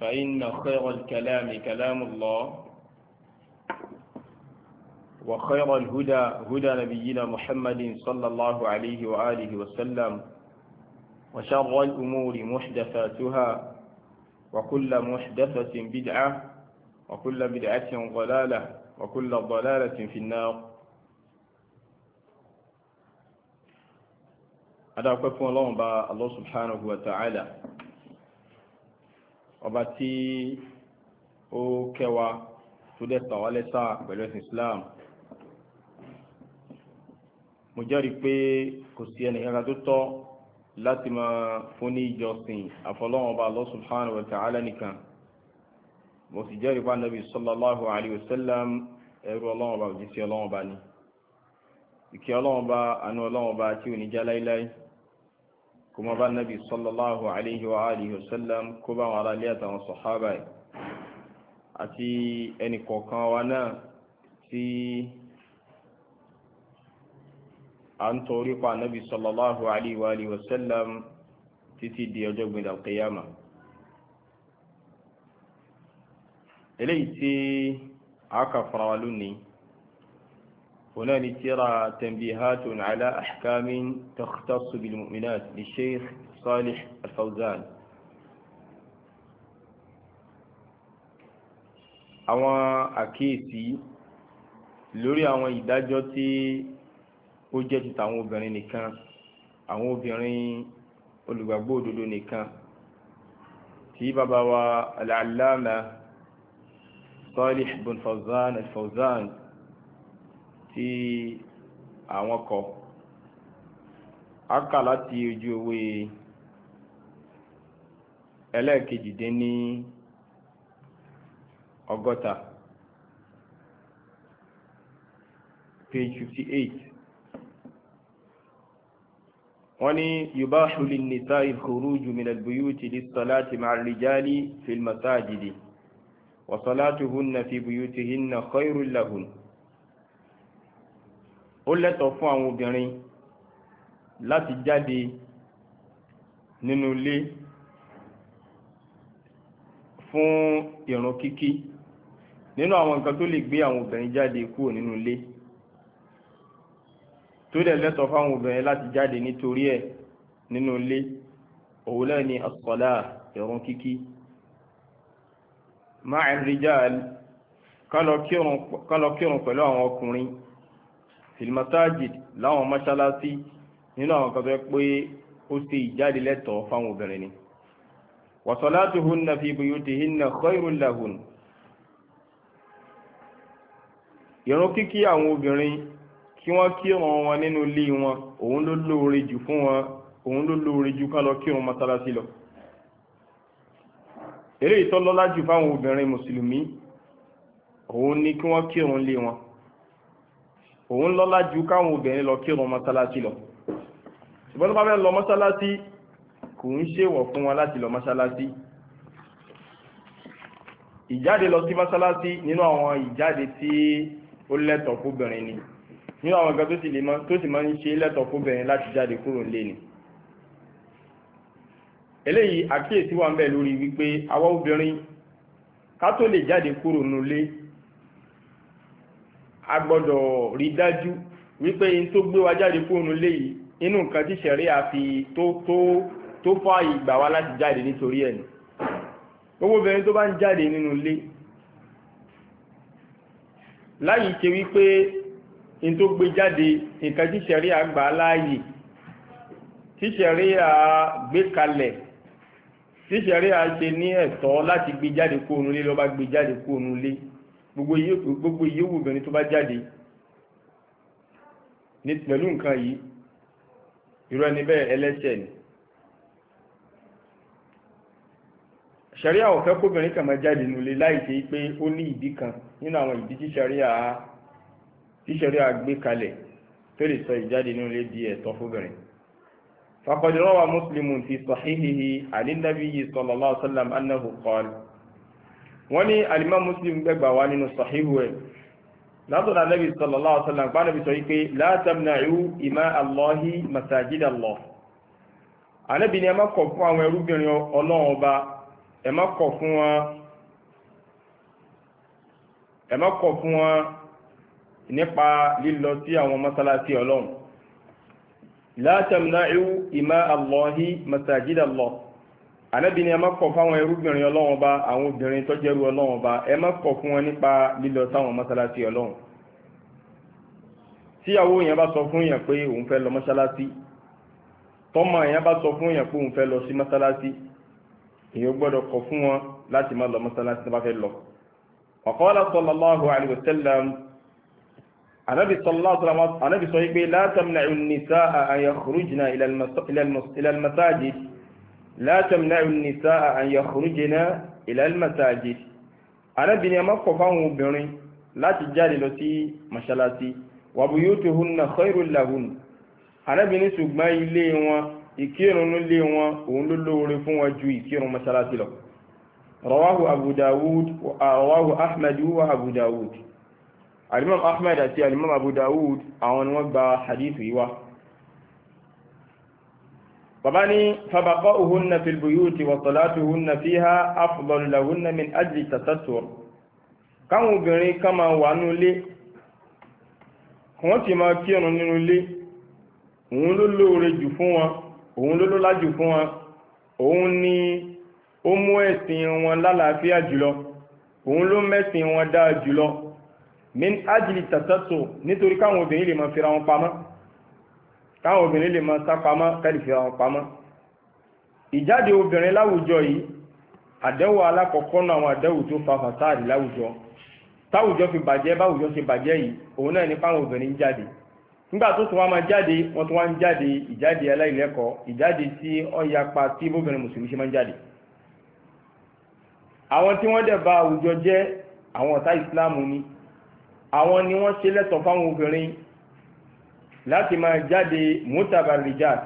فإن خير الكلام كلام الله وخير الهدى هدى نبينا محمد صلى الله عليه وآله وسلم وشر الأمور محدثاتها وكل محدثة بدعة وكل بدعة ضلالة وكل ضلالة في النار أدعوكم الله الله سبحانه وتعالى ọba tí ó kẹwa tó dẹ́ta wá pẹ̀lú ẹ̀sìn Islam mo jẹ́rìí pé kò sí ẹnìkankan tó tọ́ láti máa fún ní ìjọsìn àfọlọ́wọn ọba Allah subhanahu wa ta'ala nìkan mo sì jẹ́rìí pa nàbì sallallahu alayhi wa sallam ẹrú ọlọ́wọn ọba òjíṣẹ́ ọlọ́wọn ọba ni ìkẹ́ ọlọ́wọn ọba àánú ọlọ́wọn ọba tí ò ní já láíláí kuma bá nabi sallallahu alayhi wa alihi wa sallam kó bá wọn aráalé àtàwọn sọ̀hábà yìí àti ẹnì kọ̀ọ̀kan wa náà tí a ń torí pa nabi sallallahu alayhi wa alihi wa títí di ọjọ́ gbìndà kìyàmà eléyìí tí a kà fara wa lónìí هنا ترى تنبيهات على أحكام تختص بالمؤمنات للشيخ صالح الفوزان àwọn àkíyèsí lórí àwọn ìdájọ́ tí ó jẹ́ ti tàwọn obìnrin nìkan àwọn obìnrin olùgbàgbọ́ òdodo nìkan tí bàbá wa al-allama Salih bin Fawzan tí àwọn kọ ákà láti ojú ewé ẹlẹ́ẹ̀kejì dín ní ọgọ́ta page fifty eight wọ́n ní yubahu linnisa'i khuruju min albuyuti lissalati ma'a rijali fil masajidi wa salatuhunna fi buyutihinna khayrun lahunna ó lẹ́tọ̀ọ́ fún àwọn obìnrin láti jáde nínú ilé fún ìrun kíkí nínú àwọn nǹkan tó lè gbé àwọn obìnrin jáde kúrò nínú ilé tó dẹ̀ lẹ́tọ̀ọ́ fáwọn obìnrin láti jáde nítorí ẹ̀ nínú ilé òun náà ni asọ́lá ìrun kíkí máa rijal kálọ kírun pẹ̀lú àwọn ọkùnrin filimasajid láwọn mọ́ṣáláṣí nínú àwọn kan tó yẹ pé ó ṣe ìjáde lẹ́tọ̀ọ́ fáwọn obìnrin ni wasalatuhunna fi buyutihinna khairul lahun ìrun kíkí àwọn obìnrin kí wọ́n kírun wọn nínú ilé wọn òun ló lóore jù fún wọn òun ló lóore jù kán lọ kírun mọ́ṣáláṣí lọ eré ìtọ́lọ́lá jù fáwọn obìnrin mùsùlùmí òun ni kí wọ́n kírun lé wọn òun lọ́lá ju káwọn obìnrin lọ kírun mọ́sálásí lọ ṣùgbọ́n tó bá fẹ́ lọ mọ́sálásí kò ń ṣèwọ̀ fún wọn láti lọ mọ́sálásí ìjáde lọ sí mọ́sálásí nínú àwọn ìjáde tí ó lẹ́tọ̀ fóbìnrin ni nínú àwọn nǹkan tó sì lè tó sì máa ń ṣe lẹ́tọ̀ fóbìnrin láti jáde kúrò nílé ni eléyìí àkíyèsí wà ń bẹ lórí wípé àwa obìnrin ká tó lè jáde kúrò nílé a gbọ́dọ̀ rí dájú wípé in tó gbé wa jáde fóònù léyìí inú nǹkan tí sẹ̀rí àfi tó tó tó fọ́ àyè gbà wá láti jáde nítorí ẹ̀ ni gbogbo obìnrin tó bá ń jáde nínú ilé láyì ṣe wípé in tó gbé jáde nǹkan tí sẹ̀rí àgbà láàyè tí sẹ̀rí à gbé kalẹ̀ tí sẹ̀rí à ṣe ní ẹ̀tọ́ láti gbé jáde kóònù lé ló bá gbé jáde kóònù lé gbogbo ìyẹ́wò obìnrin tó bá jáde ní pẹ̀lú nǹkan yìí irú ẹni bẹ́ẹ̀ ẹlẹ́ṣẹ̀ ni ṣàríà ò fẹ́ kóbìnrin kàn máa jáde nulẹ̀ láì ṣe pé ó ní ìdí kan nínú àwọn ìdí tí ṣàríà tí ṣàríà gbé kalẹ̀ tó lè sọ ìjáde nulẹ̀ di ẹ̀tọ́ fóbìnrin faqad rawa muslimun fi sahihihi 'an an-nabiyyi sallallahu wọ́n ní alimam muslim gbẹgbà wá nínú sahihu ẹ̀ látọ̀dá nabi sallallahu alaihi wasallam pa nabi sọ wípé la tamna'u ima allahi masajid allah anabi ni ẹ má kọ̀ fún àwọn ẹrúbìnrin ọlọ́run ọba ẹ má kọ̀ fún wọn ẹ má kọ̀ fún wọn nípa lílọ sí ànábì ni ẹ má kọ̀ fáwọn ẹrúbìnrin ọlọ́run ọba àwọn obìnrin tó jẹ́rú ọlọ́run ọba ẹ má kọ̀ fún wọn nípa lílọ sáwọn mọ́sálásí ọlọ́run tíyàwó yẹn bá sọ fún yẹn pé òun fẹ́ lọ mọ́sálásí tọ́mọ yẹn bá sọ fún yẹn pé òun fẹ́ lọ sí mọ́sálásí èèyàn gbọ́dọ̀ kọ̀ fún wọn láti má lọ mọ́sálásí tó bá fẹ́ lọ. ọ̀kọ́lá sallallahu alaihi wasallam la tamna'u an-nisaa an yakhrujna ila al-masajid arábìnrin ẹ má kọ̀ fáwọn obìnrin láti jáde lọ sí mọ́ṣáláṣí wa buyutuhunna khayrun lahun arábìnrin ṣùgbọ́n ilé wọn ìkírun ilé wọn òun ló lóore fún wọn ju ìkírun mọ́ṣáláṣí lọ rawahu abu dawud rawahu ahmad wa abu dawud àti alimam abu àwọn ni wọ́n gba hadith yìí wá bàbá ní fàbàbá òhunna filibuyuti wàtọ̀látù òhunna fi ha afọ̀lọ́lá òhunna min ajli tatattur káwọn obìnrin kan máa wà nínú ilé wọ́n ti máa kírun nínú ilé òun ló lóore jù fún wọn òun ló lọ́lá jù fún wọn òun ni ó mú ẹ̀sìn wọn lálàáfíà jùlọ òun ló mẹ́sìn wọn dáa jùlọ min ajli tatattur nítorí káwọn obìnrin lè máa fira wọn pamọ́ káwọn obìnrin lè máa sá pamọ́ kẹ́lìfì àwọn pamọ́ ìjáde obìnrin láwùjọ yìí àdẹ́wò alákọ̀ọ́kọ́ náà àwọn àdẹ́wò tó fa fàsáàdì láwùjọ táwùjọ fi bàjẹ́ báwùjọ ṣe bàjẹ́ yìí òun náà ní fáwọn obìnrin jáde nígbà tó tún wá máa jáde wọ́n tún wá ń jáde ìjáde aláìlẹ́kọ̀ọ́ ìjáde tí ó yapa tí bóbìnrin mùsùlùmí ṣe máa ń jáde àwọn tí wọ́n dẹ̀ ba àwùjọ jẹ́ àwọn ọ̀tá ìsìláàmù ni àwọn ni wọ́n ṣe lẹ́tọ̀ọ́ fáwọn obìnrin láti máa jáde mutabarrijat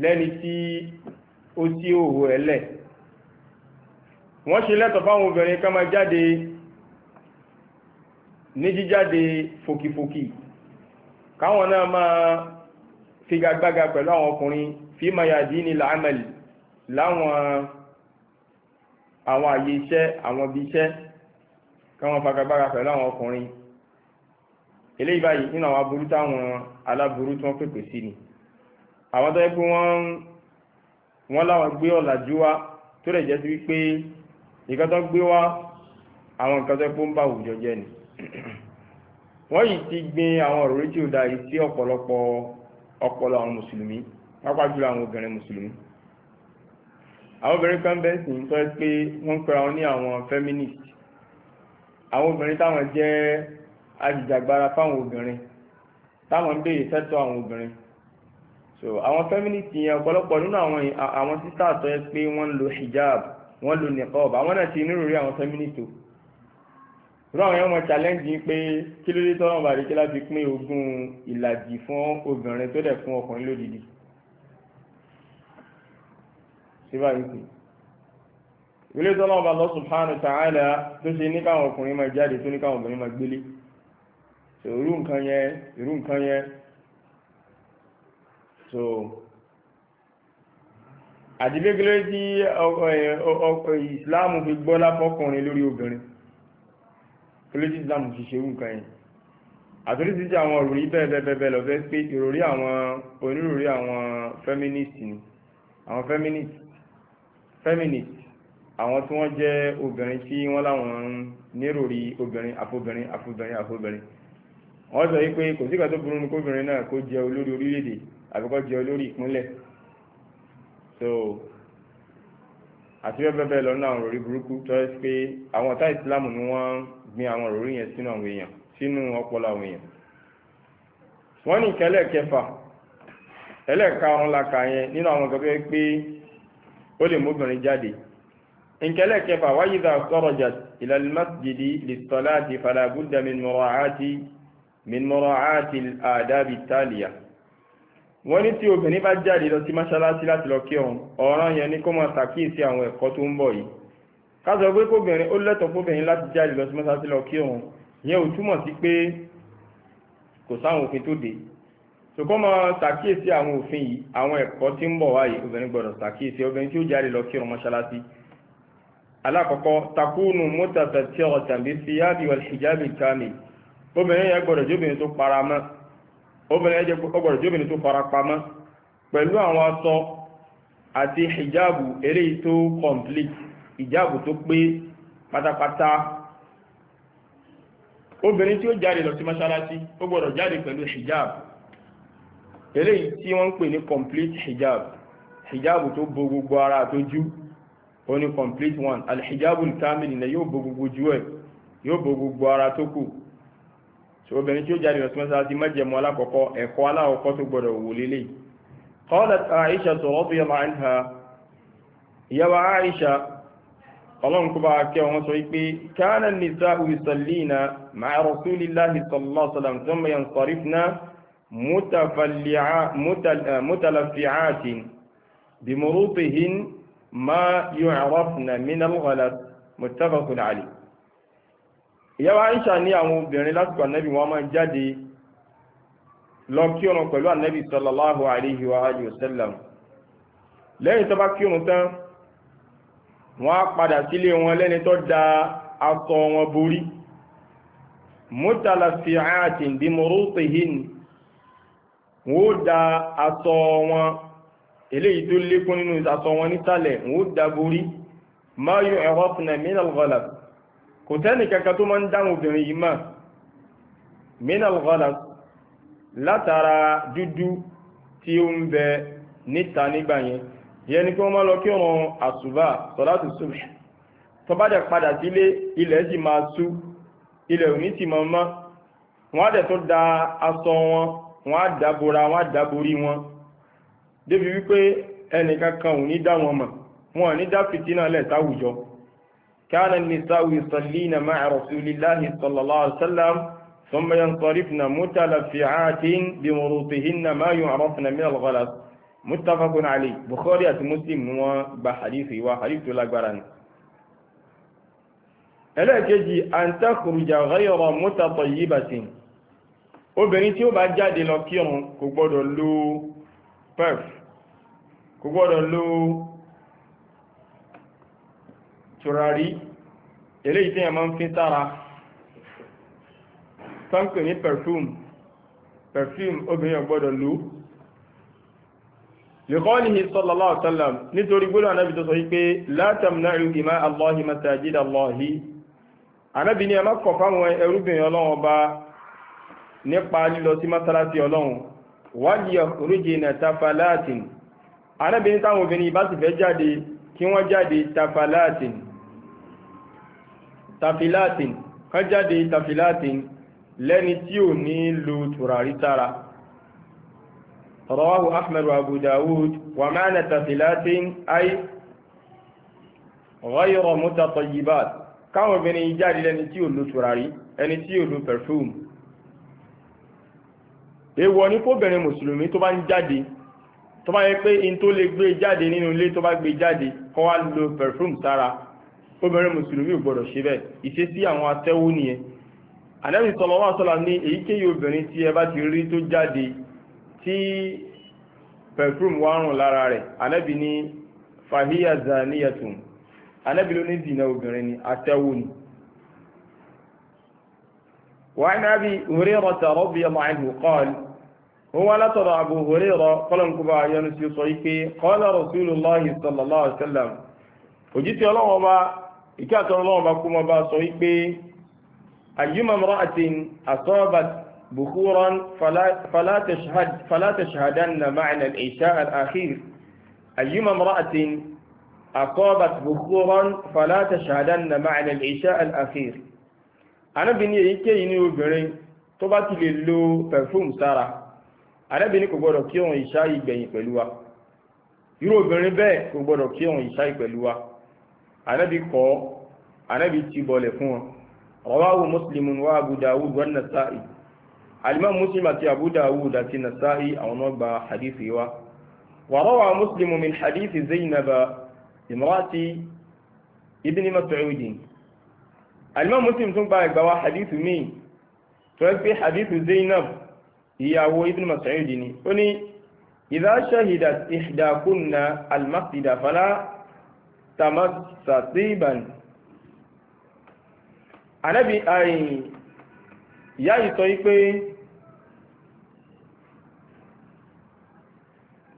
lẹ́ni tí ó sí òwò ẹ̀lẹ̀ wọ́n ṣe lẹ́tọ̀ fáwọn obìnrin ká máa jáde ní jíjáde fòkìfòkì káwọn náà máa figagbága pẹ̀lú àwọn ọkùnrin fi máa yàdí ní làámẹ̀lì láwọn àwọn àyè iṣẹ́ àwọn ibi káwọn fagagbága pẹ̀lú àwọn ọkùnrin eléyìí báyìí nínú àwọn aburú táwọn aláburú tí wọ́n pèpè sí ni àwọn tó yẹ pé wọ́n wọ́n láwọn gbé ọ̀làjú wá tó lè jẹ́ sí wípé nǹkan tó gbé wá àwọn nǹkan tó yẹ pé ń bá àwùjọ jẹ́ ni wọ́n yìí ti gbin àwọn òròrí tí da yìí sí ọ̀pọ̀lọpọ̀ ọpọlọ àwọn mùsùlùmí pápá jùlọ àwọn obìnrin mùsùlùmí àwọn obìnrin kan bẹ́ẹ̀ sì ń tọ́ pé wọ́n ń pera wọn ní àwọn feminist àwọn obìnrin táwọn jẹ́ ajìjàgbara fáwọn obìnrin táwọn ń béèrè fẹ́tọ́ àwọn obìnrin so àwọn feminist yẹn ọ̀pọ̀lọpọ̀ nínú àwọn àwọn sisters tó yẹ pé wọ́n ń lo hijab wọ́n ń lo niqab àwọn náà ti nírò rí àwọn feminist o irú àwọn yẹn wọ́n challenge yín pé kí ló dé tọ́lọ́ bá rí kí láti pín ogún ìlàjì fún obìnrin tó dẹ̀ fún ọkùnrin lódìdí síbáyìí sí ilé tọ́lọ́ bá Allah subhanahu wa ta'ala tó ṣe ní káwọn ọkùnrin máa jáde tó ní káwọn obìnrin máa gbélé irú nǹkan yẹn irú nǹkan yẹn so àdìbégélé tí ọkọ̀ ìsìláàmù fi gbọ́lá fọ́kùnrin lórí obìnrin kílé tí ìsìláàmù fi ṣe irú nǹkan yẹn àtúrí ti jẹ́ àwọn òròrí bẹ́ẹ̀bẹ́ẹ̀bẹ́ lọ fẹ́ pé ìròrí àwọn onírúurú àwọn feminist ni àwọn feminist feminist àwọn tí wọ́n jẹ́ obìnrin tí wọ́n láwọn níròrí obìnrin àfobìnrin àfobìnrin àfobìnrin wọ́n sọ wípé kò síkà tó burú ní kóbìnrin náà kó jẹ olórí orílẹ̀-èdè àbí jẹ olórí ìpínlẹ̀ so àti bẹ́ẹ̀ bẹ́ẹ̀ lọ́nà àwọn òròrí burúkú tó yẹ pé àwọn ọ̀tá ìsìlámù ni wọ́n gbin àwọn òròrí yẹn sínú àwọn èèyàn sínú ọpọlọ àwọn èèyàn wọ́n ní ìkẹ́lẹ̀ kẹfà ẹlẹ́ẹ̀ka ọ̀run la kà yẹn nínú àwọn kan tó pé ó lè móbìnrin jáde ìkẹ́lẹ̀ kẹfà wáyé dà sọ̀rọ̀ jà ìlàlímàsídìí lè sọ láti fàlàbùdàmí nùrọ̀ àti min mura'ati al-adabi taliya wọ́n ní tí obìnrin bá jáde lọ sí mọ́ṣáláṣí láti lọ kírun ọ̀ràn yẹn ni kó máa ṣàkíyèsí àwọn ẹ̀kọ́ tó ń bọ̀ yìí ká sọ pé kóbìnrin ó lẹ́tọ̀ọ́ fóbìnrin láti jáde lọ sí mọ́ṣáláṣí lọ kírun yẹn ò túmọ̀ sí pé kò sáwọn òfin tó dé sòkó máa ṣàkíyèsí àwọn òfin yìí àwọn ẹ̀kọ́ tí ń bọ̀ wáyé obìnrin gbọ́dọ̀ obìnrin yẹn gbọ́dọ̀ jóbìnrin tó para mọ́ obìnrin yẹn gbọ́dọ̀ jóbìnrin tó fara pamọ́ pẹ̀lú àwọn aṣọ àti hijabu eré tó complete hijabu tó pé pátápátá obìnrin tí ó jáde lọ sí mọ́ṣáláṣí ó gbọ́dọ̀ jáde pẹ̀lú hijab eré tí wọ́n ń pè ní complete hijab hijabu tó bo gbogbo ara àtójú ó ní complete one alhijabu kamil ni yóò bo gbogbo ojú ẹ̀ yóò bo gbogbo ara tó kù so obìnrin tí ó jáde responsibility mẹ́jẹ̀mú alákọ̀ọ́kọ́ ẹ̀kọ́ alákọ̀ọ́kọ́ tó gbọ́dọ̀ wò lélẹ̀ qalat Aisha radiyallahu anha ìyàwó Aisha ọlọ́run kó bá kẹ́ wọn sọ pé kana nisa'u yusallina ma'a rasulillahi sallallahu alaihi wasallam thumma yansarifna mutalafi'atin bimurutihin ma yu'rafna min al ghalat muttafaqun alayh ìyáwó Aisha ní àwọn obìnrin lásìkò ànẹ́bì wọn máa jáde lọ kírun pẹ̀lú ànẹ́bì sallallahu alaihi wa alihi wasallam lẹ́yìn tó bá kírun tán wọ́n á padà sílé wọn lẹ́ni tó da aṣọ wọn borí mutalafi'atin bi murutihin wọ́n da aṣọ wọn eléyìí tó lékún nínú aṣọ wọn nísàlẹ̀ wọ́n da borí ma yu'rafna min al-ghalab kò tẹ́nì kankan tó máa ń dáhùn obìnrin yìí mà minal ghalas látara dúdú tí ó ń bẹ níta nígbà yẹn yẹn ni kí wọ́n máa lọ kí ọ̀ràn àsùbà sọ̀láàtù subh tó bá dẹ̀ padà sílé ilẹ̀ sì máa sú ilẹ̀ òní sì máa mọ́ wọ́n á dẹ̀ tó da aṣọ wọn wọ́n á dábora wọ́n á dáborí wọn débi wípé ẹnìkan kan ò ní dá wọn mọ̀ wọn ò ní dá fìtínà lẹ̀ táwùjọ كان النساء يصلين مع رسول الله صلى الله عليه وسلم ثم ينصرفن متلفعات بمروطهن ما يعرفن من الغلط متفق عليه بخاري مسلم هو بحديث وحديث الأكبران الا تجي ان تخرج غير obìnrin tí ó bá jáde lọ kírun kò gbọ́dọ̀ lo pef kò gbọ́dọ̀ lo turari eléyìí tí a máa ń fi sára tọ́ǹkì ní perfume perfume obìnrin ọgbọ́dọ̀ lò lèkọ́lìhì sallallahu alaihi wasallam nítorí gbọ́dọ̀ anábì pe sọ na látàmnáru ìmá allahi masajid allahi anábì ni a má kọ̀ fáwọn ẹrúbìnrin ọlọ́run ọba nípa lílọ sí mọ́sálásí ọlọ́run wáyé oríje na tafalatin anábì ní táwọn obìnrin bá sì fẹ́ jáde kí wọ́n jáde tafalatin tafilatin kan jáde tafilatin lẹ́ni tí ò ní lo tùràrí sára rawahu ahmed wa abu dawud wa ma'ana tafilatin ay ghayra mutatayyibat káwọn obìnrin jáde lẹ́ni tí ò lo tùràrí ẹni tí ò lo perfume èèwọ̀ ní kóbìnrin mùsùlùmí tó bá ń jáde tó bá yẹ pé in tó lè gbé jáde nínú ilé tó bá gbé jáde kó wá lo perfume sára obìnrin mùsùlùmí ò gbọdọ̀ ṣe bẹ́ẹ̀ ìṣesí àwọn atẹ́wó nìyẹn ànábì sallallahu alaihi wasallam ní èyíkéyìí obìnrin tí ẹ bá ti rí tó jáde tí perfume wá rùn lára rẹ̀ ànábì ní fahiya zaniyatun ànábì ló ní zina obìnrin ni atẹ́wó ni وعن أبي هريرة رضي الله عنه قال هو لا ترى أبو هريرة قال كبا ينسي صيفي قال رسول الله صلى الله عليه وسلم وجيت يا الله ìkí àtọ́rọ lọ́wọ́ bá kú mọ́ bá sọ wípé ayyuma imra'atin asabat bukhuran fala tashhadanna ma'na al-isha' al-akhir ayyuma imra'atin asabat bukhuran fala tashhadanna ma'na al-isha' al-akhir anábìnrin èyíkéyìí ní obìnrin tó bá ti lè lo perfume sára arábìnrin kò gbọdọ̀ kí òun ìṣá ìgbẹ̀yìn pẹ̀lú anábì kọ́ anábì ti bọ̀lẹ̀ fún wọn rawahu muslimun wa abu dawud wa nasa'i alimam muslim àti abu dawud àti nasa'i àwọn náà gba hadithi wa wa rawa muslimu min hadithi zainaba imrati ibn mas'udin alimam muslim tún gba ẹgbà wa hadithi mi tó ẹ pé hadithi zainab ìyàwó ibn mas'udin ni ó ní idha shahidat ihdakunna al-masjida tamastasiban ànábì àyìn ìyá yìí sọ wípé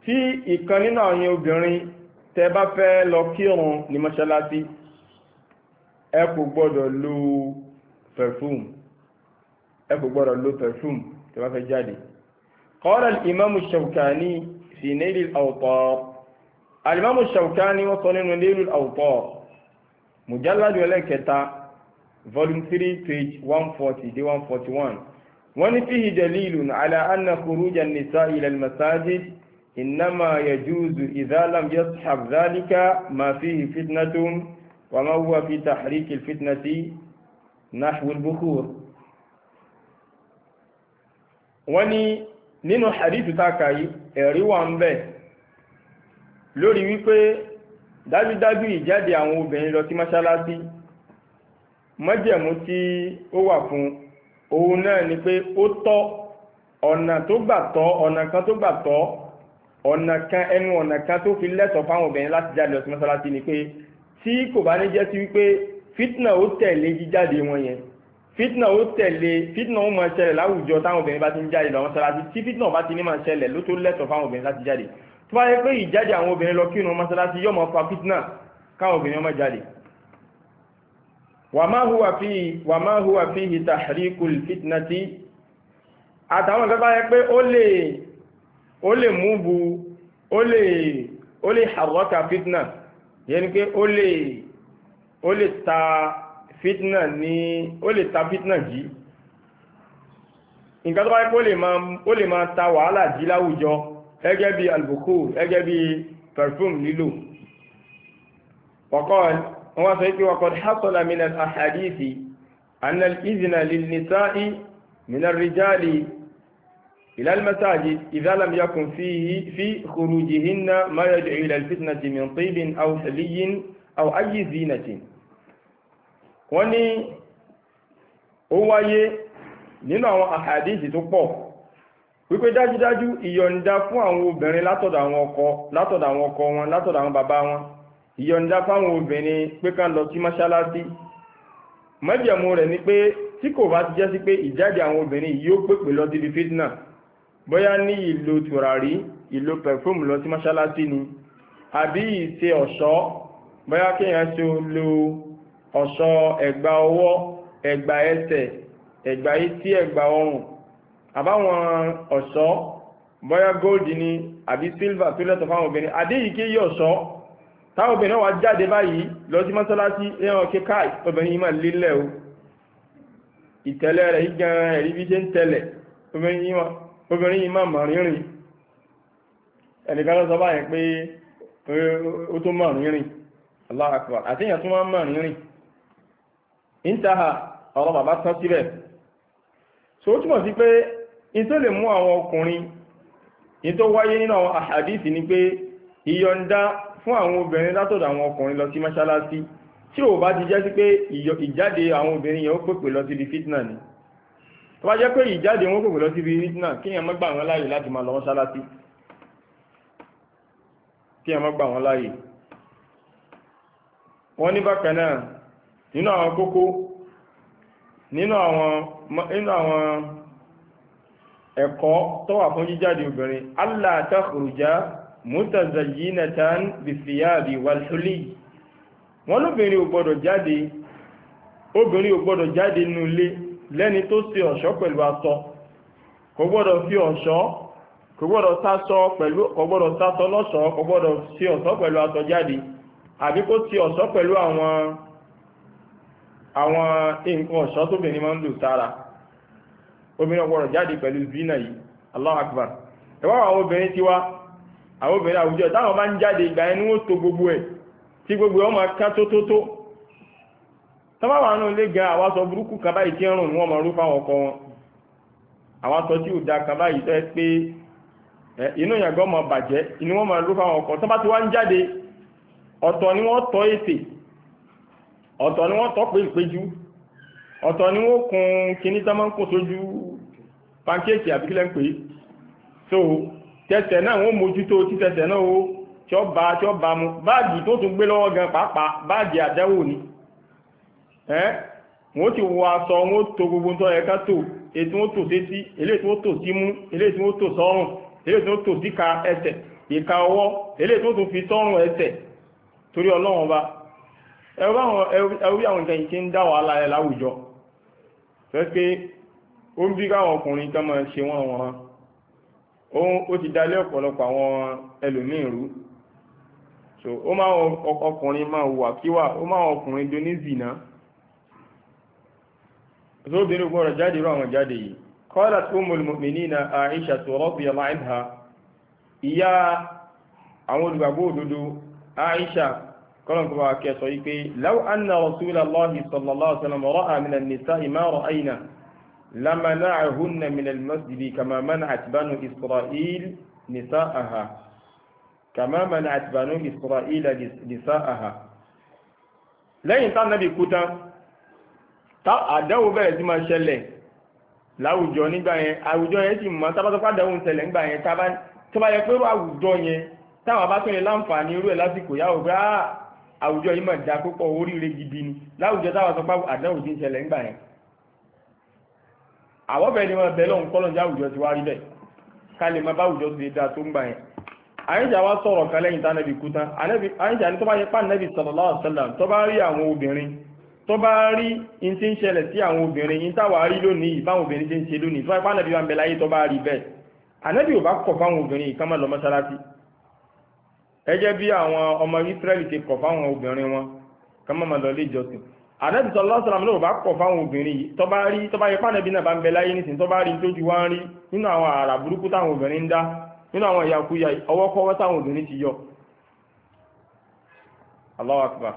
tí ìkan nínú àwọn obìnrin tẹ bá fẹ́ lọ kírun ní mọ́ṣáláṣí ẹ kò gbọ́dọ̀ lo perfume ẹ kò gbọ́dọ̀ lo perfume tẹ bá fẹ́ jáde qala al-imam ash-shawkani fi nail al-awtar alimamu Shawkani wọ́n sọ nínú Nailul Awtar mujalladu ẹlẹ́kẹta volume three page one forty dé one forty one wọ́n ní fihi dalilun ala anna khuruja nisa ila al-masajid إنما يجوز إذا لم يصحب ذلك ما فيه فتنة وما هو في تحريك الفتنة نحو البخور wọ́n ní nínú hadithu takayi ẹ̀rí wà ń bẹ lórí wípé dájúdájú ìjáde àwọn obìnrin lọ sí mọ́ṣáláṣí májẹ̀mú tí ó wà fún òun náà ni pé ó tọ́ ọ̀nà tó gbà tọ́ ọ̀nà kan tó gbà tọ́ ọ̀nà kan ẹnu ọ̀nà kan tó fi lẹ́tọ̀ọ́ fáwọn obìnrin láti jáde lọ sí mọ́ṣáláṣí ni pé tí kò bá ní jẹ́ sí wípé fitna ó tẹ̀lé jíjáde wọn yẹn fitna ó tẹ̀lé fitna ó máa ṣẹlẹ̀ láwùjọ táwọn obìnrin bá ti ń jáde lọ mọ́ṣáláṣí tí fitna bá ti ní máa ṣẹlẹ̀ ló tó lẹ́tọ̀ọ́ fáwọn obìnrin láti jáde tó bá yẹ pé ìjáde àwọn obìnrin lọ kírun mọ́sálásí yóò mọ́ fa fitna káwọn obìnrin ọmọ jáde wà máa hùwà fi wà máa hùwà fi ìta àríkùl fitnati àtàwọn ìgbẹ́ bá yẹ pé ó lè mú bu ó lè harọ́ka fitna yẹni pé ó lè ta fitna ní ó lè ta fitna jí nǹkan tó bá yẹ pé ó lè máa ta wàhálà jí láwùjọ gẹ́gẹ́ bí albuku gẹ́gẹ́ bí perfume lílò wọ́kọ́l wọ́n sọ pé wọ́kọ́l hasala minal ahadithi annal izina lil nisa'i rijali إلى المساجد إذا لم يكن فيه في خروجهن ما يدعو إلى الفتنة من طيب أو حلي أو أي زينة wọ́n ní ó wáyé nínú àwọn àhàdíìsì tó pọ̀ wípé dájúdájú ìyọ̀ǹda fún àwọn obìnrin látọ̀dọ̀ àwọn ọkọ látọ̀dọ̀ àwọn ọkọ wọn látọ̀dọ̀ àwọn bàbá wọn ìyọ̀ǹda fáwọn obìnrin pé ká lọ sí mọ́ṣáláṣí májẹ̀mú rẹ̀ ni pé tí kò bá ti jẹ́ sí pé ìjáde àwọn obìnrin yóò pèpè lọ síbi fitna bóyá ní ìlò tùràrí ìlò pẹ̀fúmù lọ sí mọ́ṣáláṣí ni àbí ìṣe ọ̀ṣọ́ bóyá kéèyàn ṣe lo ọ̀ṣọ́ ẹ̀gbà ọwọ́ ẹ̀gbà ẹsẹ̀ ẹ̀gbà etí ẹ̀gbà ọrùn àbáwọn ọ̀ṣọ́ bóyá góòdì ni àbí sílvà tó lẹ́tọ̀ fáwọn obìnrin adéyíké yí ọ̀ṣọ́ táwọn obìnrin wá jáde báyìí lọ sí mọ́sálásí ẹran kíkáì obìnrin yìí máa lílẹ̀ o ìtẹ́lẹ̀ rẹ̀ gan ẹ̀rí bí ṣe ń tẹ́lẹ̀ obìnrin yìí máa mọ̀ rírìn ẹnìkan lọ sọ báyìí pé ó tó mọ̀ rírìn Allahu Akbar àtẹ́yàn tó máa mọ̀ rírìn ìntàhà ọ̀rọ̀ bàbá tán síbẹ̀ so ó túmọ̀ sí pé in tó lè mú àwọn ọkùnrin in tó wáyé nínú àwọn àhàdìsì ni pé ìyọ̀ǹda fún àwọn obìnrin látọ̀dọ̀ àwọn ọkùnrin lọ sí mọ́ṣáláṣí tí ò bá ti jẹ́ sí pé ìjáde àwọn obìnrin yẹn ó pèpè lọ sí fitna ni tó bá jẹ́ pé ìjáde wọn pèpè lọ sí ibi fitna kí èèyàn má gbà wọn láàyè láti máa lọ mọ́ṣáláṣí kí èèyàn má wọn láàyè wọ́n ní bákan náà nínú àwọn kókó nínú àwọn ẹ̀kọ́ tó wà fún jíjáde obìnrin allah takhruja mutazayyinatan bithiyabi walhuli wọ́n lóbìnrin ò gbọ́dọ̀ jáde obìnrin ò gbọ́dọ̀ jáde nínú ilé lẹ́ni tó ṣe ọ̀ṣọ́ pẹ̀lú aṣọ kò gbọ́dọ̀ fi ọ̀ṣọ́ kò gbọ́dọ̀ sásọ pẹ̀lú kò gbọ́dọ̀ sásọ lọ́ṣọ̀ọ́ kò gbọ́dọ̀ ṣe ọ̀ṣọ́ pẹ̀lú aṣọ jáde àbí kó ṣe ọ̀ṣọ́ pẹ̀lú àwọn àwọn nǹkan ọ̀ṣọ́ tóbìnrin máa ń lò sára obìnrin ọgbọ̀rọ̀ jáde pẹ̀lú zina yìí Allahu Akbar ẹwà àwọn obìnrin ti wá àwọn obìnrin àwùjọ táwọn bá ń jáde ìgbà ẹni wọ́n tó gbogbo ẹ̀ tí gbogbo ẹ̀ wọ́n máa ká tó tó tó tọ́báwà náà lè gan àwásọ burúkú kan báyìí tí ẹrùn wọn máa rú fáwọn ọkọ wọn àwásọ tí ò da kan báyìí tọ́ ẹ pé inú ìyàgọ́ máa bàjẹ́ inú wọn máa rú fáwọn ọkọ tọ́bá ti wá ń jáde ọ̀tọ̀ ni wọ́n tọ́ ìpéjú ọ̀tọ̀ ni wọ́n kun kíní tá máa ń sójú pancake àbíkílẹ̀ ń pè so tẹsẹ̀ náà wọ́n mójútó títẹsẹ̀ náà ó tí ó bá tí ó bá mu báàgì tó tún gbé lọ́wọ́ gan pàápàá báàgì àdẹ́wò ni ẹ́ wọ́n ti wọ aṣọ wọ́n tó gbogbo tó yẹ ká tò èyí tí wọ́n tò sétí eléyìí tí wọ́n tò símú eléyìí tí wọ́n tò sọ́rùn eléyìí tí wọ́n tò síka ẹsẹ̀ ìka ọwọ́ eléyìí tí wọ́n tún fi sọ́rùn ẹsẹ̀ torí ọlọ́run ọba ẹ̀rú àwọn nǹkan yìí ti ń dá wàhálà ẹ̀ láwùjọ fẹ́ pé ó ń bí káwọn ọkùnrin kan máa ṣe wọ́n wọn ó ti dálé ọ̀pọ̀lọpọ̀ àwọn ẹlòmíì rú so ó máa ọkùnrin máa wà kíwà ó máa ọkùnrin do tó obìnrin gbọ́dọ̀ jáde rú àwọn jáde yìí qalat na mu'minina Aisha radiyallahu anha ìyá àwọn olùgbàgbọ́ òdodo Aisha kọ́lọ̀ kọ́ bá kẹsọ̀ yìí pé law sallallahu لمنعهن من المسجد كما منعت بنو إسرائيل نساءها كما منعت بنو إسرائيل نساءها lẹ́yìn tá nàbì kú tán tá àdáwò bẹ̀rẹ̀ sí máa ṣẹlẹ̀ láwùjọ nígbà yẹn àwùjọ yẹn sì mọ́ tábátọ́pá àdáwò ṣẹlẹ̀ nígbà yẹn tó yẹ pé àwùjọ yẹn táwọn bá tún láǹfààní irú ẹ̀ lásìkò yáwò pé àwùjọ yìí mà dá púpọ̀ oríire gidi ni láwùjọ táwọn sọ ṣẹlẹ̀ nígbà yẹn àwọ́bẹ̀ ni wọ́n bẹ̀ lọ́n kọ́lọ́n jáwùjọ ti wá rí bẹ̀ ká lè máa báwùjọ ti dáa tó ń gbà yẹn àyíjà wá sọ̀rọ̀ kan lẹ́yìn tánẹ́bì kú tán àyíjà ní tó bá yẹ pá nẹ́bì sallallahu alaihi wasallam tó bá rí àwọn obìnrin tó bá rí in ti ń ṣẹlẹ̀ sí àwọn obìnrin in táwà rí lónìí báwọn obìnrin ti ń ṣe lónìí tó bá pánẹ́bì wà ń bẹ láyé tó bá rí bẹ́ẹ̀ ànẹ́bì ò bá kọ̀ fáwọn obìnrin ìkan máa lọ mọ́ṣáláṣí ẹ jẹ́ bí àwọn ọmọ Ísírẹ́lì ti kọ̀ fáwọn obìnrin wọn kan máa lọ ilé ìjọsìn ànábì sallallahu alaihi wasallam ló bá kọ̀ fáwọn obìnrin yìí tọ́ba rí tọ́ba yẹ pàdébí náà bá ń bẹ láyé nísìnyí tọ́ba rí tójú wá ń rí nínú àwọn àrà burúkú táwọn obìnrin ń dá nínú àwọn ìyàkuyà ọwọ́kọ́wọ́ táwọn obìnrin ti yọ Allahu akbar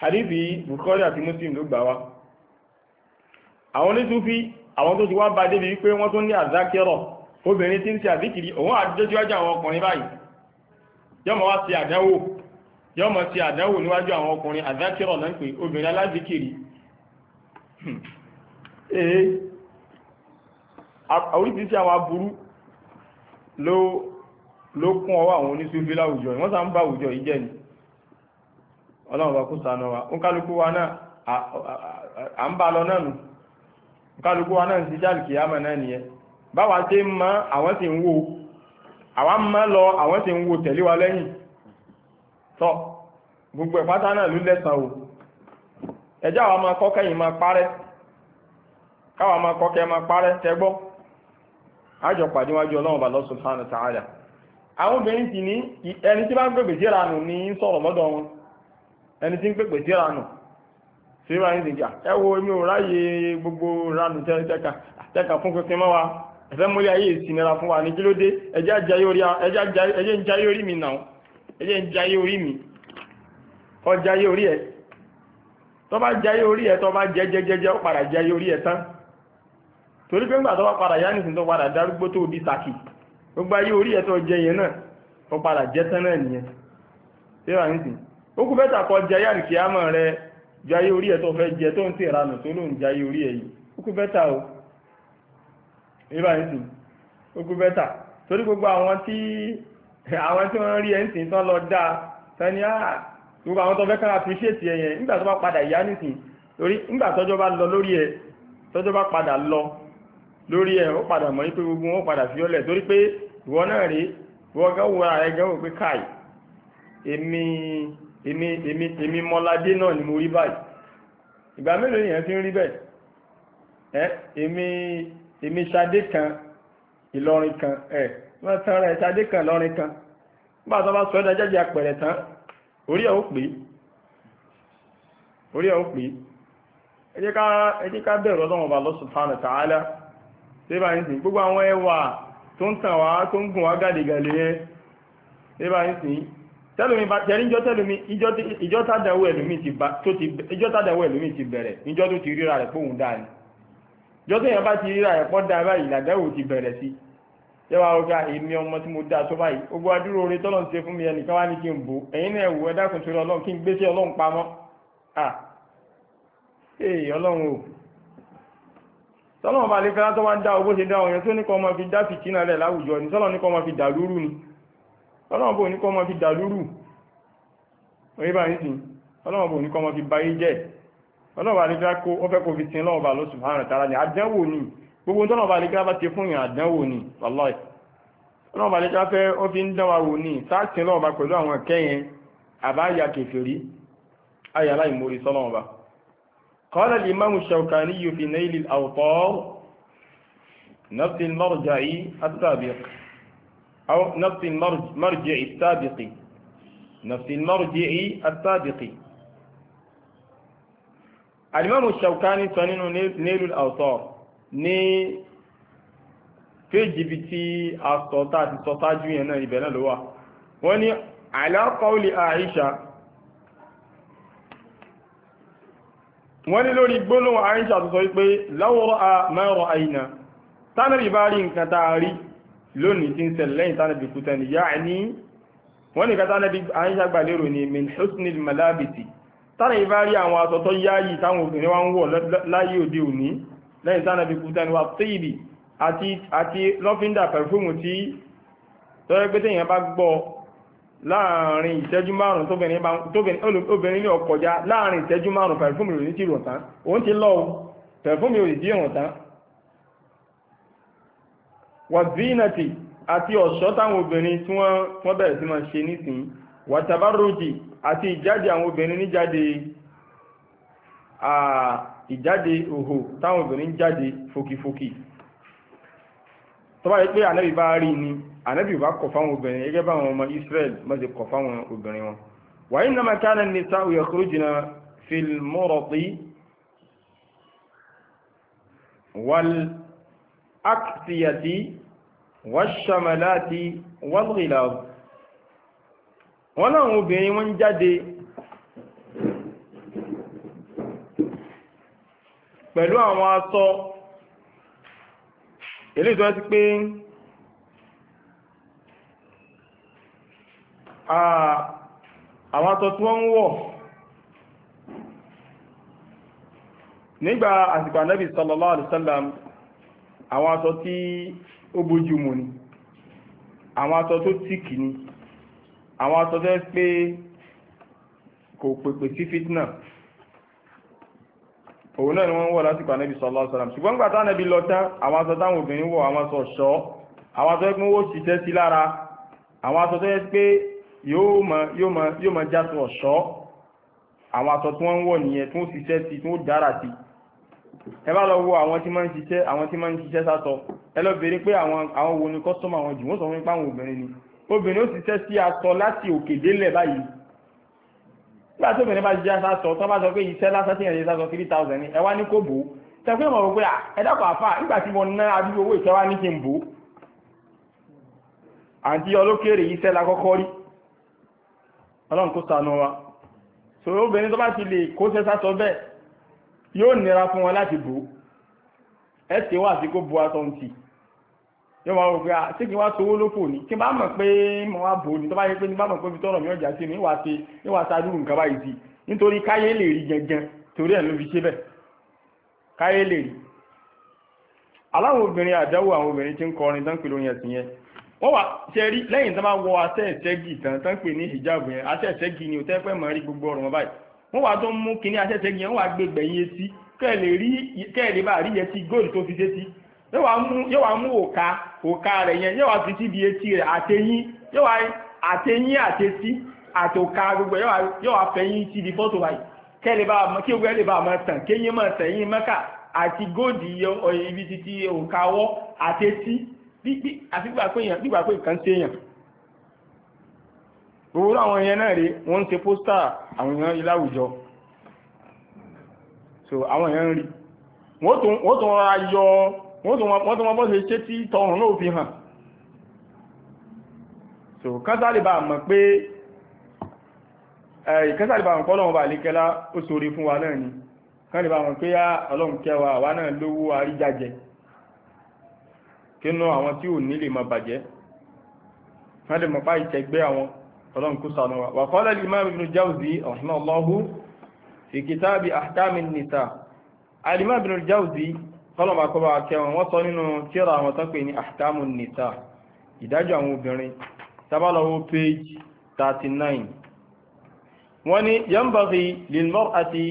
hadithi Bukhari àti Muslim ló gbà wá àwọn onísúfí àwọn tó ti wá bá débi wípé wọ́n tó ní àzákẹ́rọ̀ obìnrin tí ń ṣe àzíkiri òun àdójúwájú àwọn ọkùnrin báyìí yọ́mọ̀ wá sí yọ mọ̀ sí àdáwò níwájú àwọn ọkùnrin àdákírọ̀ náà pé obìnrin aládìkiri hmm. ee oríṣiríṣi àwọn aburú ló kún ọwọ́ àwọn oníṣúfí láwùjọ wọ́n sá ń bá àwùjọ yìí ni ọlọ́run bá kó wa ó kálukú wa náà à ń bá lọ náà nù ó kálukú wa náà ń ṣiṣẹ́ àlùkìyàmọ̀ náà nìyẹn báwa ṣe ń mọ àwọn sì ń wò àwọn mọ lọ àwọn sì ń tọ́ gbogbo ẹ̀pátá náà ló lẹ́sàn o ẹjá wa máa kọ́kẹ́ yìí máa parẹ́ káwa máa kọ́kẹ́ máa parẹ́ tẹ́gbọ́ àjọ ọlọ́run bá lọ́sùn àwọn obìnrin ní ẹni tí bá ń pèpè sí ìranù ní ń sọ̀rọ̀ wọn ẹni tí ń pèpè sí ẹ wo ò ráyè gbogbo tẹ́ka fún mọ́ wa ẹ̀fẹ́ ayé fún wa ní ẹjẹ́ ń jayé orí mi náà ẹjẹ́ ń jayé orí mi kọ́ jayé orí ẹ tó bá jayé orí ẹ tó bá jẹ́ jẹ́jẹ́jẹ́ ó padà jayé orí ẹ tán torí pé ńgbà tó bá padà yánìsì tó padà darúgbó tó di sàkì gbogbo ayé orí ẹ tó jẹ yẹn náà tó padà jẹ tán náà nìyẹn tí wà nísìn ó kú bẹ́tà kọ jẹ yánì kí á mọ̀ rẹ ju ayé orí ẹ tó fẹ́ jẹ tó ń tè ranù tó lóun jẹ orí ẹ yìí ó kú bẹ́tà o tí wà nísìn ó kú bẹ́tà torí gbogbo àwọn tí àwọn tí wọ́n rí ẹ̀ǹtì tán lọ dáa tani á ah, gbogbo àwọn tó fẹ́ kára fi ṣètì ẹ̀yẹn nígbà tó bá padà ìyá nìsín torí nígbà tọ́jọ́ bá lọ lórí ẹ̀ tọ́jọ́ bá padà lọ lórí ẹ̀ ó padà mọ̀ pé gbogbo wọn padà fi ọlẹ̀ torí pé ìwọ náà rí ìwọ gán wo ara ẹgán wò pé káì èmi èmi èmi èmi mọ́ládé náà ni mo rí báyìí ìgbà mélòó nìyẹn fi ń rí bẹ́ẹ̀ ẹ èmi èmi ṣadé kan Ìlọrin kan ẹ wọ́n tán rẹ̀ ṣadé kan lọ́rin kan bá tọ́ bá sọ ẹ́dá jẹ́jẹ́ apẹ̀rẹ̀ tán orí ẹ̀ ó pè orí ẹ̀ ó pè ẹ bá gbogbo àwọn ẹwà tó ń tàn wá tó ń gùn wá gàdégàdé yẹn ṣé bá ń sìn tẹ́lùmí bá ìjọ ti bẹ̀rẹ̀ njotu tó ti ríra rẹ̀ pòun dáa ni ìjọ tó yẹn bá ti ríra ti bẹ̀rẹ̀ sí tẹ́wà ọgá ah, èmi ọmọ tí mo dá aṣọ báyìí gbogbo adúrò orin tọ́lọ̀ ń ṣe fún mi ẹnìkan wá ní kí n bò ẹ̀yin náà wò ẹ dákun torí ọlọ́run kí n gbé sí ọlọ́run pamọ́ à ee eh, ọlọ́run o tọ́lọ́run bá lè fẹ́ látọ́ wá ń dá owó ṣe dá ọ̀yàn tó ní ọmọ fi dá fìtínà rẹ̀ láwùjọ ni tọ́lọ́run ní kọ́ ọmọ fi dà lúrù ni ọlọ́run bò ní kọ́ ọmọ fi dà lúrù orí bá nìsín ọlọ́run ní ni àdánwò ni gbogbo tọ́nà bá nígbà bá ti fún ìyàn àdánwò ní wàláì tọ́nà bá nígbà fẹ́ ó fi ń dánwà wò ní sáàtìn lọ́wọ́ pẹ̀lú àwọn kẹ́yẹn àbáyà kèfèrí ayà láì mórí sọ́nà ọba qala al-imam ash-Shawkani fi Nail al ní péjì bí tí a sọ̀tá àti sọ̀tájú yẹn náà ibẹ̀ náà ló wà wọ́n ní ala qawli Aisha wọ́n ní lórí gbólóhùn Aisha tó sọ wípé láwọ́rọ̀ a mẹ́rọ àìnà tánàbì bá rí nǹkan tàà rí lónìí tí ń ṣẹlẹ̀ lẹ́yìn tánàbì kú Aisha gbà lérò ní min husnil malabiti tánàbì bá rí àwọn aṣọ tó lẹ́yìn tánà bí kúta ni wà tíìbì àti lọ́fíndà pẹ̀fúmù tí tọ́rẹ́ pé tẹ́yìn bá gbọ́ láàrin ìṣẹ́jú márùn tóbìnrin ní ọkọjá láàrin ìṣẹ́jú márùn pẹ̀fúmù rẹ̀ ti rọ̀tán òun ti lọ pẹ̀fúmù rẹ̀ ti rọ̀tán wà zínàtì àti ọ̀ṣọ́ táwọn obìnrin tí wọ́n bẹ̀rẹ̀ sí máa ṣe nísìn wà tàbárùjì àti ìjáde àwọn obìnrin níjáde ìjáde òhò táwọn obìnrin jáde fòkìfòkì tó bá yẹ pé ànábì bá rí ni ànábì bá kọ̀ fáwọn obìnrin gẹ́gẹ́ báwọn ọmọ Israel má ṣe kọ̀ fáwọn obìnrin wọn wàyí náà máa kana nisa'u yakhrujna fil murati wal pẹ̀lú àwọn aṣọ ilé ìtọ́ ti pé àwọn aṣọ tí wọ́n ń wọ̀ nígbà àsìkò Ànábì sallallahu alaihi wasallam àwọn aṣọ tí ó bójú mu ni àwọn aṣọ tó tíkì ni àwọn aṣọ tẹ́ pé kò pèpè sí fitna òun náà ni wọ́n ń wọ̀ lásìkò ànábì sallallahu alaihi wasallam ṣùgbọ́n gbàtà ànábì lọ tán àwọn aṣọ táwọn obìnrin wọ̀ àwọn aṣọ ṣọ́ àwọn aṣọ ẹgbẹ́ wọ́n ṣiṣẹ́ sí lára àwọn aṣọ tó yẹ pé yóò mọ yóò mọ yóò mọ jásọ ọ̀ṣọ́ àwọn aṣọ tí wọ́n ń wọ̀ nìyẹn tí wọ́n ṣiṣẹ́ sí tí wọ́n dára sí ẹ bá lọ wo àwọn tí máa ń ṣiṣẹ́ àwọn tí máa ń ṣiṣẹ́ sásọ ẹ lọ béèrè pé àwọn àwọn wo ni kọ́sọ́mù àwọn jù wọ́n sọ fún mi pé àwọn obìnrin ni obìnrin ó ṣiṣẹ́ sí aṣọ láti òkè délẹ̀ báyìí nígbà tó bẹ̀rẹ̀ bá jẹ́ sásọ tó bá sọ pé iṣẹ́ lásán tí ẹ̀yẹ sásọ three thousand ni ẹ wá ní kó bò ó tẹ̀kọ́ ìmọ̀ wípé ẹ dákọ̀ àfà nígbà tí mo ná adúgbò owó ìṣẹ́ wá ní kí n bò ó àǹtí ọlókèrè iṣẹ́ la kọ́kọ́ rí ọlọ́run kó sànú wa sòrò obìnrin tó bá ti lè kó ṣe sásọ bẹ́ẹ̀ yóò nira fún wọn láti bò ó ẹ ṣe wá àti kó bo aṣọ yóò wá wò pé ah, ṣé kí n wá sowó ni kí n bá mọ̀ pé mo wá bò ní tó bá yẹ pé ní bá mọ̀ pé fi tọrọ mi ọjà sí ni ìwà ṣe ìwà ṣáájú nǹkan báyìí sí nítorí káyé lè rí gangan torí ẹ̀ ló fi ṣe káyé lè rí. aláwọn obìnrin àdáwò àwọn obìnrin tí ń lórí ẹ̀sìn yẹn wọ́n wà ṣe rí wọ tán ní hijab yẹn yóò wá mú òka òka rẹ̀ yẹn yóò wá fi síbi etí rẹ̀ àtẹyín yóò wá àtẹyín àtẹsí àtòka gbogbo yóò wá fẹyín síbi fọ́tò wáyé kẹ́lẹ̀ bá mọ́ kí wẹ́lẹ̀ bá mọ́ tàn kéyìn mọ́ tẹ̀yìn mẹ́kà àti góòdì ibi títí òka ọwọ́ àtẹsí àti gbígbà pé nǹkan ṣe èèyàn gbogbo àwọn èèyàn náà rí wọ́n ń ṣe póstà àwọn èèyàn iláwùjọ so àwọn èèyàn rí wọ́n tún rọra yọ wọ́n tó wọ́n bọ́ ṣe ṣe tí tọrùn náà fi hàn so kásàlìbà mọ̀ pé kásàlìbà mọ̀ pọ́lọ̀wọ̀n bà lékẹ́lá ó sórí fún wa náà ni kásàlìbà mọ̀ pé á ọlọ́run kẹwa àwa náà lówó àríjàjẹ kínú àwọn tí ò nílè mọ mọ̀ pá kọlọ̀bà kọba kẹwọn wọ́n sọ nínú tíra àwọn tán pè ní ahkamun nisa ìdájọ́ àwọn obìnrin tabalọ́wọ́ page 39 wọ́n ní yanbaghi lilmar'ati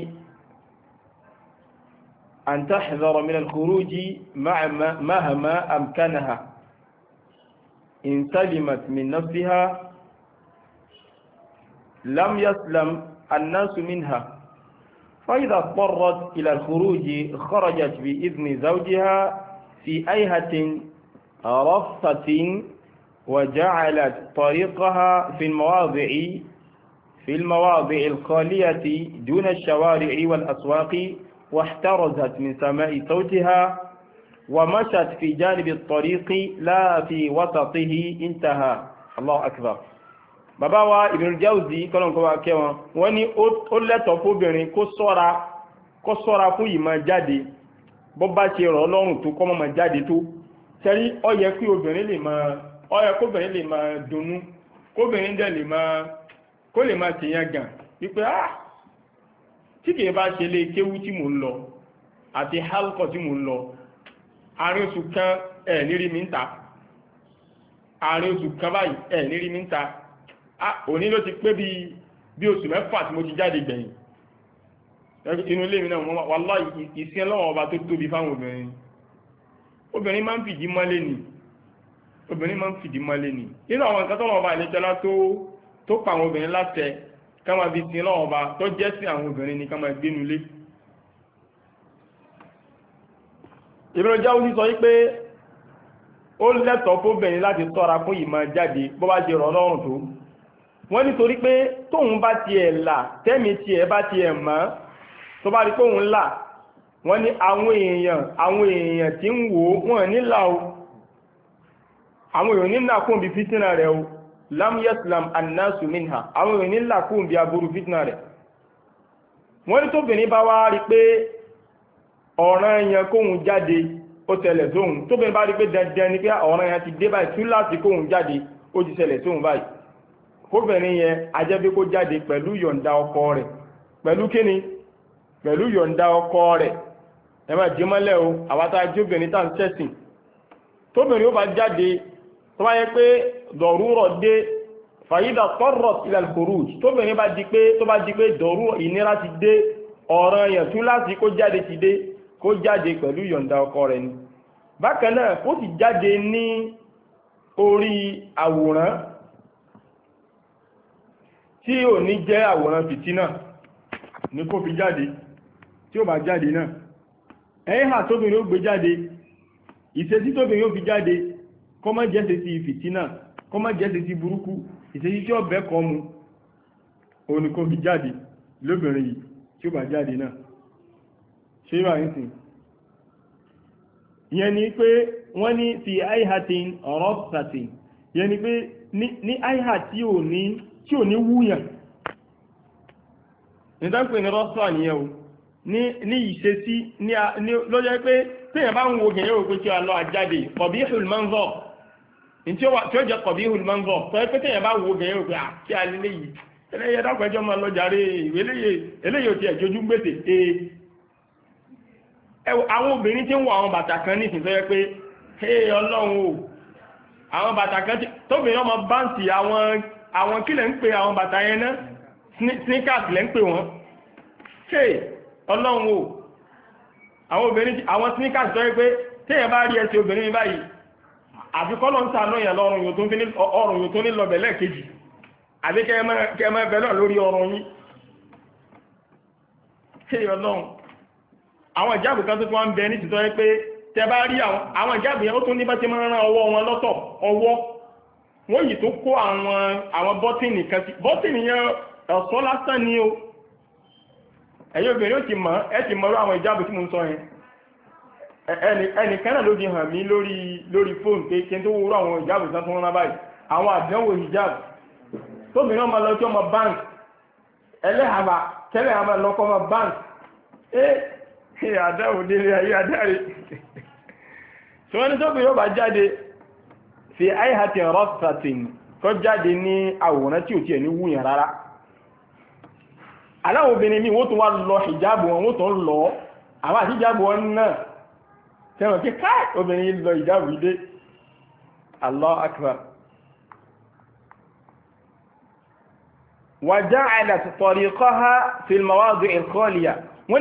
an tahdhara min alkhuruji mahama amkanaha in salimat min nafsiha lam yaslam annasu minha فإذا اضطرت إلى الخروج خرجت بإذن زوجها في أيهة رصة وجعلت طريقها في المواضع في المواضع الخالية دون الشوارع والأسواق واحترزت من سماء صوتها ومشت في جانب الطريق لا في وسطه انتهى الله أكبر bàbá wa Ibn Jawzi kọ́lọ́nkọ́ wa kẹ́ wọn wọ́n ní ó lẹ́tọ̀ fóbìnrin kó sọ́ra kó sọ́ra fún ìmọ̀ jáde bó bá ṣe rọ̀ lọ́rùn tó kọ́ mọ́ jáde tó sẹ́rí ó kí obìnrin lè máa ó kóbìnrin lè máa dunnú kóbìnrin dẹ̀ lè máa kó lè máa tèèyàn gàn wípé ah tí kìí bá ṣe lé kéwú tí mò ń lọ àti halkọ tí mò ń lọ àárín oṣù kan ẹ̀ nírí mi ń ta àárín oṣù kan báyìí ẹ̀ nírí mi ń ta Ah, òní ló ti pé bí oṣù mẹ́fà tí mo ti jáde gbẹ̀yìn inú ilé mi náà wọ́n wà láì ìsìn lọ́wọ́ ọba tó tóbi fáwọn obìnrin obìnrin máa ń fìdí mọ́lé ni obìnrin máa ń fìdí mọ́lé ni nínú àwọn nǹkan tọ́lọ́ ọba ìlẹ́jọ́lá tó tó pa àwọn obìnrin láṣẹ ká máa fi sin lọ́wọ́ ọba tó jẹ́ sí àwọn obìnrin ni ká máa gbé nulé. ìbẹ̀rẹ̀ jáwó ti sọ wípé ó lẹ́tọ̀ọ́ fóbìnrin láti tọ́ra fún ìmọ̀ jáde bó bá ṣe rọ̀ lọ́rùn tó wọ́n nítorí pé tóun bá tiẹ̀ là tẹ́mi tiẹ̀ bá tiẹ̀ mọ́ tó bá rí pé òun là wọ́n ní àwọn èèyàn àwọn èèyàn tí ń wò wọ́n nílà o àwọn èèyàn nílà kún bí fítínà rẹ̀ o lam yaslam annasu minha àwọn èèyàn nílà kún bí aburu fítínà rẹ̀ wọ́n ní tóbìnrin bá wá rí pé ọ̀ràn èèyàn kóhun jáde ó tẹ̀lẹ̀ sóhun tóbìnrin bá rí pé dandan ni pé ọ̀ràn èèyàn ti dé báyìí tú láti kóhun jáde ó ti tẹ̀lẹ̀ sóhun báyìí kóbìnrin yẹn ajẹ́bí kó jáde pẹ̀lú yọ̀ǹda ọkọ rẹ̀ pẹ̀lú kíni pẹ̀lú yọ̀ǹda ọkọ rẹ̀ ẹ máa jí mọ́lẹ̀ o àwátá jóbìnrin tá ń ṣẹ̀sìn tóbìnrin ó bá jáde tó bá yẹ pé dọ̀rúrọ̀ dé fàyídà tọ́rọ̀ ilẹ̀ ni bákan náà kó sì jáde ní orí àwòrán tí ò ní jẹ́ àwòrán náà ní kó fi jáde tí ó bá jáde náà ẹ̀yìn hà tóbìnrin ó gbé jáde ìṣesí tóbìnrin ó fi jáde kọ́mọ́ jẹ́sẹ̀ sí náà kọ́mọ́ jẹ́sẹ̀ sí burúkú ìṣesí tí ó bẹ́ kọ́ mu kó fi jáde lóbìnrin yìí tí ó bá jáde náà ṣe ni pé wọ́n ní ni tí ò ní wúyàn nìtànpé ní rọ́sọ̀ nìyẹn o ní ìṣesí lọ́jọ́ pé téèyàn bá ń wo gẹ̀yẹ́ òkú tí a lọ àjáde kọ̀bí hulmanzọ̀ tí ó jẹ́ kọ̀bí hulmanzọ̀ sọ pé téèyàn bá wo gẹ̀yẹ́ òkú àti alẹ́ yìí eléyìí dákọ̀ẹ́jọ́ máa lọ jàre eléyìí ò ti ẹ̀jọ́jú gbèsè ee àwọn obìnrin tí ń wọ àwọn bàtà kan ní ìsinsẹ́ pé hey ọlọ́run o àwọn bàtà kan tóbìnrin ọmọ báǹtì àwọn àwọn kílẹ̀ ń pe àwọn bàtà yẹn náà sneakers lẹ́ ń pè wọ́n ṣe ọlọ́run o àwọn obìnrin àwọn sneakers tọ́ pé téèyàn bá rí ẹsẹ̀ obìnrin báyìí àfikọ́ lọ ń sàánú yẹn lọ́rùn yóò tó ní lọ́bẹ̀ lẹ́ẹ̀kejì àbí kẹ́ẹ̀mọ́ ẹbẹ̀ náà lórí ọrùn yín ṣe ọlọ́run àwọn ìjáàbù kan tó tó wá ń bẹ ní títọ́ pé tẹ bá rí àwọn wọ́n yìí tó kó àwọn àwọn bọ́tìnì kan sí bọ́tìnì yẹn ọ̀sán lásán ni o ẹ̀yin obìnrin ó ti mọ̀ ẹ́ ti mọ̀rọ̀ àwọn ìjábù tí mo ń sọ yẹn ẹnìkan náà ló fi hàn mí lórí fóònù pé kí n tó wúrọ̀ àwọn tí wọ́n rán báyìí àwọn àdánwò bank ẹlẹ́hàbà kẹlẹ́ àbá lọ́kọ́ ọmọ bank ẹ àdáwò délé ayé adáre tí wọ́n ní ọba jáde fi aihati rọ́fàtìn tó jáde ní àwòrán tí ò tiẹ̀ ní wúyàn rárá aláwọ̀ obìnrin mi wọ́n tún wá lọ hijabu wọn wọ́n tún lọ àwọn àti hijabu wọn náà tẹ́wọ̀n kí káì obìnrin lọ hijabu ìdé Allah akbar wàjáàlàtì tariqaha fi mawadi'i al-khaliya wọ́n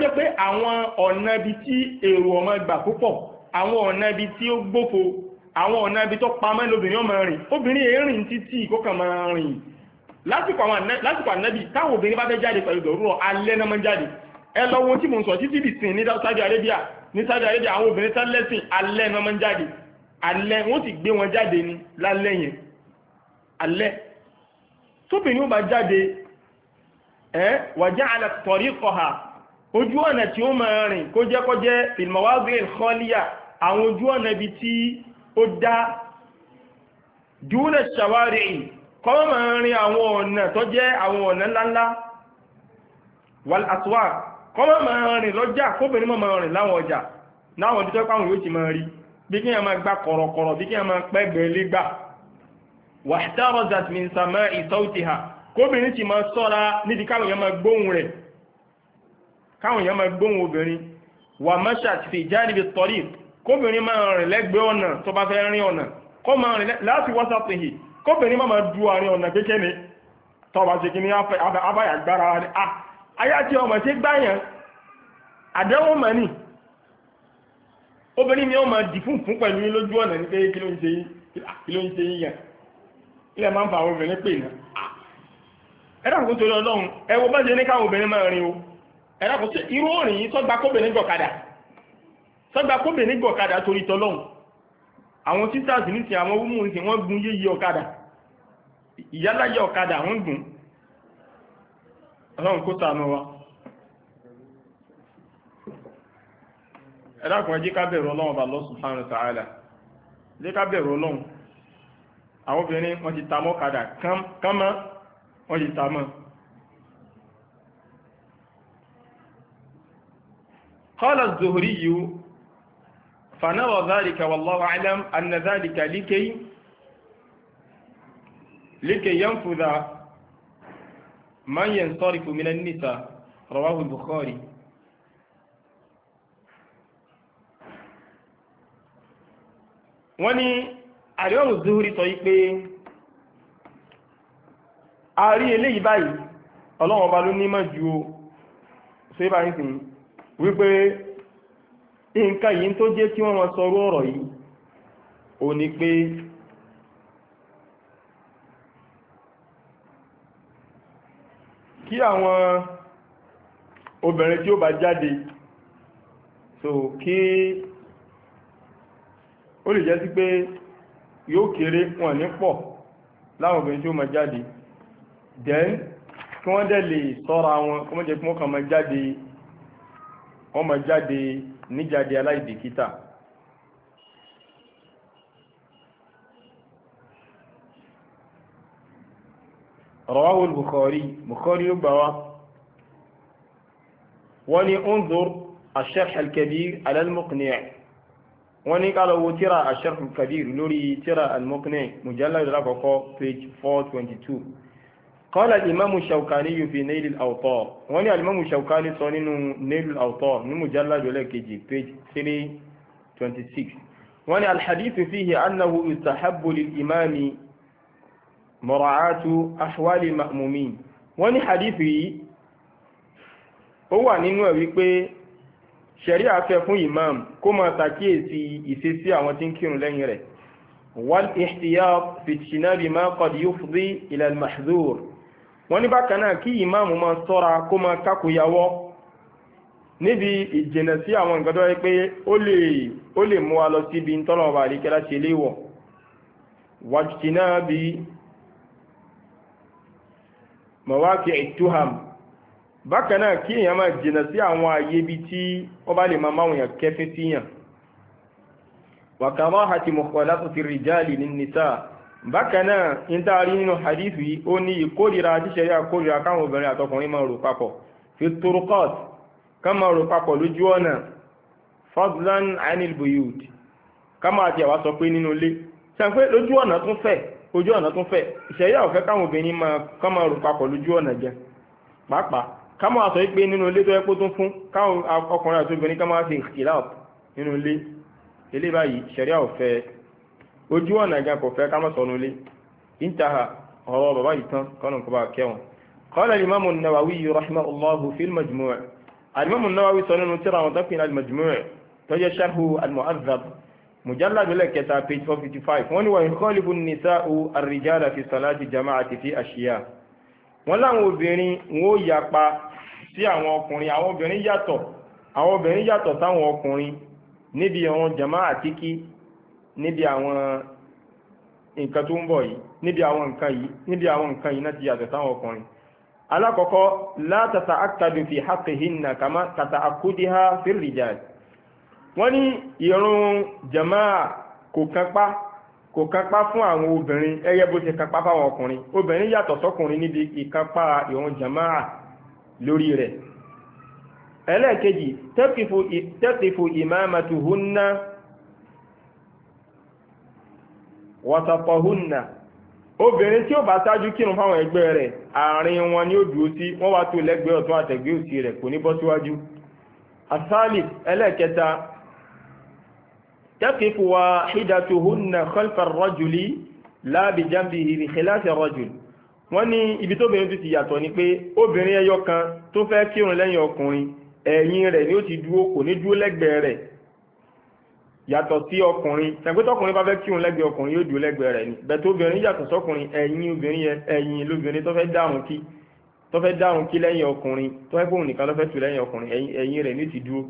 ní pé àwọn ọ̀nà bí tí èrò ọmọ gbà púpọ̀ àwọn ọ̀nà ibi tí ó gbófo àwọn ọ̀nà ibi tó pamọ́ lóbìnrin ọmọ rìn obìnrin èrìn títí ìkókàn máa rìn lásìkò ànábì táwọn obìnrin bá fẹ́ jáde pẹ̀lú ìdọ̀rọ̀ alẹ́ náà máa jáde ẹ lọ wo tí mo ń sọ títí dìsìn ní Saudi Arabia ní Saudi Arabia àwọn obìnrin tẹ́lẹ̀sìn alẹ́ náà máa jáde alẹ́ wọ́n sì gbé wọn jáde ní lálẹ́ yẹn alẹ́ tóbìnrin ó bá jáde ẹ wàjá àlàtọ̀rí kọ̀ha ojú ọ̀nà tí ó máa rìn kó jẹ́ kó jẹ́ fil àwọn ojú ọ̀nà ibi tí ó dá dúnà ṣàwárí kọ́mọ̀ máa rin àwọn ọ̀nà tó jẹ́ àwọn ọ̀nà ńláńlá wal aswaq kọ́mọ̀ máa rìn lọ́jà kóbìnrin mọ́ máa rìn láwọn ọjà láwọn ọdún tó pàwọn yóò ti máa rí bí kí wọ́n máa gba kọ̀rọ̀kọ̀rọ̀ bí kí wọ́n máa pẹ́ gbẹ̀lẹ́gbà wahtarazat min sama'i ti máa sọ́ra níbi káwọn kóbìnrin máa rìn lẹ́gbẹ̀ẹ́ ọ̀nà tó bá fẹ́ rìn ọ̀nà kó máa rìn láti wọ́sàtìhì kóbìnrin máa du àárín ọ̀nà kéèké ni tọba ṣe kí ní abáyàgbára rẹ̀ ayá tí ọmọ tí gbáyàn àdẹ́wọ̀n mọ̀ obìnrin mi ó máa dì fún fún pẹ̀lú lójú ọ̀nà ní pé kí ló ń ṣe yíyàn ilẹ̀ máa ń fa obìnrin pè náà ẹ̀dàkùn tó lọ́lọ́run ẹwọ bá ṣe ní káwọn obìnrin máa rìn o ẹ̀dàkùn irú òrìn yìí tó gba kóbìnrin gọ̀kadà sọ́gbà kóbìnrin gọ̀kadà torí tọ́lọ́hun àwọn sisters ní ti àwọn wúmù ní wọ́n gun yíyí ọ̀kadà ìyáláyé ọ̀kadà wọ́n gùn ọlọ́run kó sàánú wa ẹ̀dàkùn ẹjí ká bẹ̀rù ọlọ́run bá Allah subhanahu wa ta'ala ẹjí ká bẹ̀rù ọlọ́run àwọn obìnrin wọ́n ti ta mọ́kadà kánmọ́ wọ́n ti ta mọ́ qala az-Zuhri yìí فنرى ذلك والله أعلم أن ذلك لكي لكي ينفذ من ينصرف من النساء رواه البخاري wọ́n ní àríwọ̀rùn zuhuri sọ yí pé a rí eléyìí báyìí ọlọ́wọ̀n ọba ló ní mọ̀ ju o ṣe bá ń sìn wípé nǹkan yìí tó jẹ́ kí wọ́n máa sọ ọ̀rọ̀ yìí ó ní pé kí àwọn obìnrin tí ó bá jáde so kí ó lè jẹ́ sí pé yóò kéré wọn ní pọ̀ láwọn obìnrin tí ó máa jáde then kí wọ́n dẹ̀ lè sọ́ra wọn kọ́mọ́jẹ́ kí wọ́n kàn máa jáde wọ́n máa jáde níjáde aláìbìkítà rọwáwò bukhari bukhari ló gbà wá wọ́n ni unzur ash-sharh al-kabir ala al-muqni' wọ́n ní ká lọ wo tíra ash lórí tíra al-muqni' mujallad lákọ̀ọ́kọ́ page 422 قال الإمام الشوكاني في نيل الأوطار وأنا الإمام الشوكاني صنين نيل الأوطار من مجلد ولك جي page 326 وأنا الحديث فيه أنه يستحب للإمام مراعاة أحوال المأمومين وأنا حديثي هو نينو wípé ṣẹ̀ríà fẹ́ fún كما kó máa ṣàkíyèsí ìṣesí àwọn tí ń kírun lẹ́yìn rẹ̀ wal ihtiyat fi ijtinabi wọ́n ní bákan náà kí ìmáàmù máa sọ́ra kó máa kákòyàwọ́ níbi ìjìnà sí àwọn nǹkan tó ó lè mú wa lọ síbi tọ́lọ̀ ọba àríkẹ́lá ṣe léwọ̀ wàjìnà bí mọ̀wáàkì ìtúhàm bákan náà kí èèyàn máa jìnà sí àwọn àyè ibi tí ó bá lè máa máwọn èèyàn kẹfẹ́ síyàn wàkàrọ̀ àti mọ̀kànlá tó rìjáàlì ní nìsáà bákanáà ìtaari nínú hadithu yìí ó ní ìkórira tíṣẹ̀rí àkórira káwọn obìnrin àtọkùnrin máa rò papọ̀ fi turqat ká máa rò papọ̀ lójú ọ̀nà fadlan anil buyud ká máa ti àwá sọ pé nínú ilé sàn pé lójú ọ̀nà tún fẹ̀ ojú ọ̀nà tún fẹ̀ ìṣẹ̀rí àwọ̀fẹ́ káwọn obìnrin máa ká máa rò papọ̀ lójú ọ̀nà jẹ pàápàá ká máa sọ pé nínú ilé tó yẹ kó tún fún káwọn ọkùnrin àti obìnrin ká máa fi ìkìlá nínú ilé eléyìí báyìí ìṣẹ̀rí àwọ̀fẹ́ ojú ọ̀nà gan kò fẹ́ ká má sọnù lé intaha ọ̀rọ̀ bàbá yìí tán kọ́nà kó bá kẹwọn. qala al-imam an-nawawi rahimahullahu fil majmu' al-imam an-nawawi sọ tíra àwọn tọ́pìn al tó jẹ́ sharhu al-mu'adhdhab mujallad kẹta page four fifty five wọ́n ní wa yukhalifu an-nisa'u ar-rijala fi salati jama'ati fi ashiya wọ́n láwọn obìnrin wọn ó yapa sí àwọn ọkùnrin àwọn obìnrin yàtọ̀ àwọn obìnrin yàtọ̀ sáwọn ọkùnrin níbi àwọn jama'a àti níbi àwọn nǹkan tó ń bọ̀ yìí níbi àwọn nǹkan yìí náà ti yàtọ̀ sáwọn ọkùnrin alákọ̀ọ́kọ́ látàtà kama tata àkúdíhá fir-rijal wọ́n ní ìrun jamaa kò kápá kò kápá fún àwọn obìnrin ẹyẹ bó ṣe kápá fáwọn ọkùnrin obìnrin yàtọ̀ sọ́kùnrin níbi ìkápá ìrun jamaa lórí rẹ̀ ẹlẹ́ẹ̀kejì tẹ́kìfù ìmáàmàtù wọ́tàpọ̀húnnà obìnrin tí ó bá ṣáájú kírun fáwọn ẹgbẹ́ rẹ̀ àárín wọn ni ó dúró sí wọ́n wá tó lẹ́gbẹ̀ẹ́ ọ̀tún àtẹ̀gbẹ́ òsì rẹ̀ kò ní bọ́ síwájú asálì ẹlẹ́ẹ̀kẹta tẹ́kìfù wa hídàtúhúnnà khalfa rọ́jùlí láàbì jáǹbì ìrì khilafi rọ́jùl wọ́n ní ibi yàtọ̀ sí ọkùnrin ṣẹ̀gbẹ́ tọkùnrin bá fẹ́ kírun lẹ́gbẹ̀ẹ́ ọkùnrin yóò dúró lẹ́gbẹ̀ẹ́ rẹ̀ ni bẹ̀tẹ̀ obìnrin yàtọ̀ sọkùnrin ẹ̀yìn obìnrin yẹn ẹ̀yìn lóbìnrin tó fẹ́ dárun kí tó fẹ́ dárun kí lẹ́yìn ọkùnrin tó fẹ́ gbóhùn nìkan ló fẹ́ tù lẹ́yìn ọkùnrin ẹ̀yìn rẹ̀ ní ti dúró.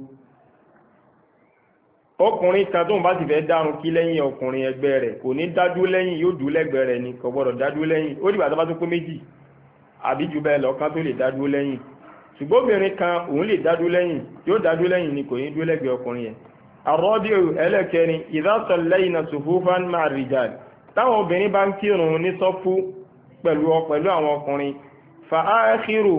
ọkùnrin kan tóun bá sì fẹ́ dárun kí lẹ́yìn ọkùnrin ẹgbẹ́ rẹ̀ kò ní dájú lẹ́yìn yóò dúró lẹ́gbẹ̀ẹ́ rẹ̀ ni kò gbọ́dọ̀ dájú lẹ́yìn ó dìgbà tó bá tó pé méjì àbí jù bẹ́ẹ̀ lọ kan tó lè dájú lẹ́yìn ṣùgbọ́n obìnrin kan òun lè dájú lẹ́yìn yóò dájú lẹ́yìn ni kò ní dúró lẹ́gbẹ̀ẹ́ ọkùnrin yẹn àrọ́bíò ẹlẹ́kẹrin ìdásọ̀lẹ́yìn sùfúfán máa rìjàd táwọn obìnrin bá ń kírun ní sọ́fú pẹ̀lú pẹ̀lú àwọn ọkùnrin fa'áàkírù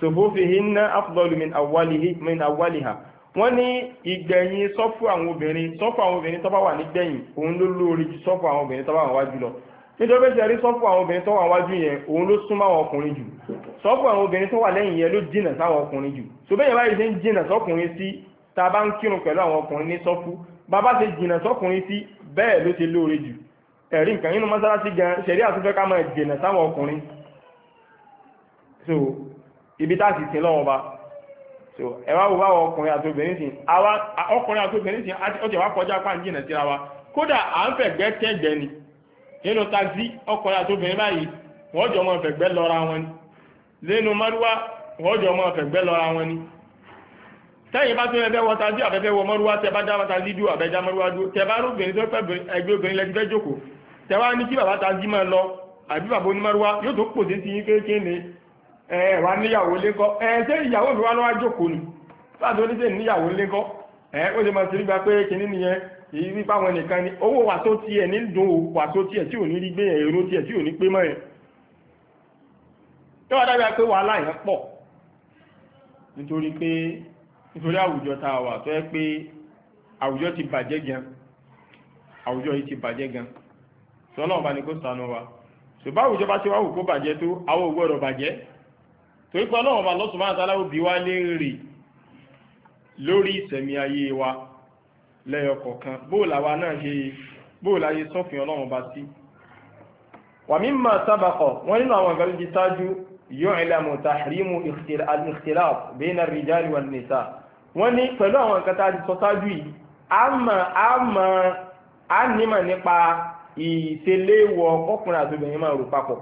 sùfúfihinna afdalu min awwaliha wọ́n ní ìgbẹ̀yìn sọ́fú àwọn obìnrin sọ́fú àwọn obìnrin tó bá wà ní gbẹ̀yìn òun ló lórí ju sọ́fú àwọn obìnrin tó bá wà wájú lọ nítorí ṣe rí sọ́fú àwọn obìnrin tó wà wájú yẹn òun ló súnmọ́ àwọn ọkùnrin jù sọ́fú àwọn obìnrin tó wà lẹ́yìn yẹn ló jìnà sáwọn ọkùnrin jù so bẹ́ẹ̀ báyìí ṣe ń jìnà sọ́kùnrin sí tá a bá ń kírun pẹ̀lú àwọn ọkùnrin ní sọ́fú bàbá ṣe jìnà sọ́kùnrin sí bẹ́ẹ̀ ló ṣe lóore jù ẹ̀rí nǹkan nínú mọ́sálásí gan ṣẹ̀rí àtúnfẹ́ ká máa jìnà sáwọn ọkùnrin so ibi tá a sì sin lọ́wọ́ ba so ẹ wá wo báwọn ọkùnrin àti obìnrin sìn àwa ọkùnrin àti obìnrin sìn ó ti wá kọjá pa jìnà síra wa kódà à ń fẹ̀gbẹ́ tẹ̀gbẹ́ ni nínú taxi ọkùnrin àti obìnrin báyìí wọ́n jọ mọ́ fẹ̀gbẹ́ lọ́ra wọn ni nínú márúwá wọ́n jọ mọ́ fẹ̀gbẹ́ lọ́ra wọn ni tẹ́yìn bá tún ẹgbẹ́ wọ tajú àbẹ́fẹ́ wọ mọ́rúwá tẹ bá dáwà tajú dúró àbẹ́já mọ́rúwá dúró tẹ bá rúbìnrin tó ẹgbẹ́ obìnrin lẹ́ti fẹ́ jókòó tẹ wá ní kí bàbá lọ àbí bàbá yóò tó sí yín ni ẹ wà níyàwó ẹ ṣé ìyàwó mi wá jókòó ni ẹ ó máa pé nìyẹn nìkan ni owó wà tó nítorí àwùjọ tá a wà tó yẹ pé àwùjọ ti bàjẹ́ gan àwùjọ yìí ti bàjẹ́ gan sọlá ọba ni kò sànù wa ṣùgbọ́n àwùjọ bá ti wá wù kó bàjẹ́ tó àwọn ò gbọ́dọ̀ bàjẹ́ torí pé ọlọ́run ọba lọ́sùn máa tàlá òbí wa léèrè lórí ìsẹ̀mí ayé wa lẹ́yọ kọ̀ọ̀kan bóòlà wa náà ṣe bóòlà ayé sọ́fin ọlọ́run ọba sí wàmí máa sábàkọ̀ wọ́n ní pẹ̀lú àwọn nǹkan tá a ti sọ sáájú yìí a mọ̀ a mọ̀ a nímọ̀ nípa ìṣeléwọ̀ ọkùnrin àti obìnrin máa rò papọ̀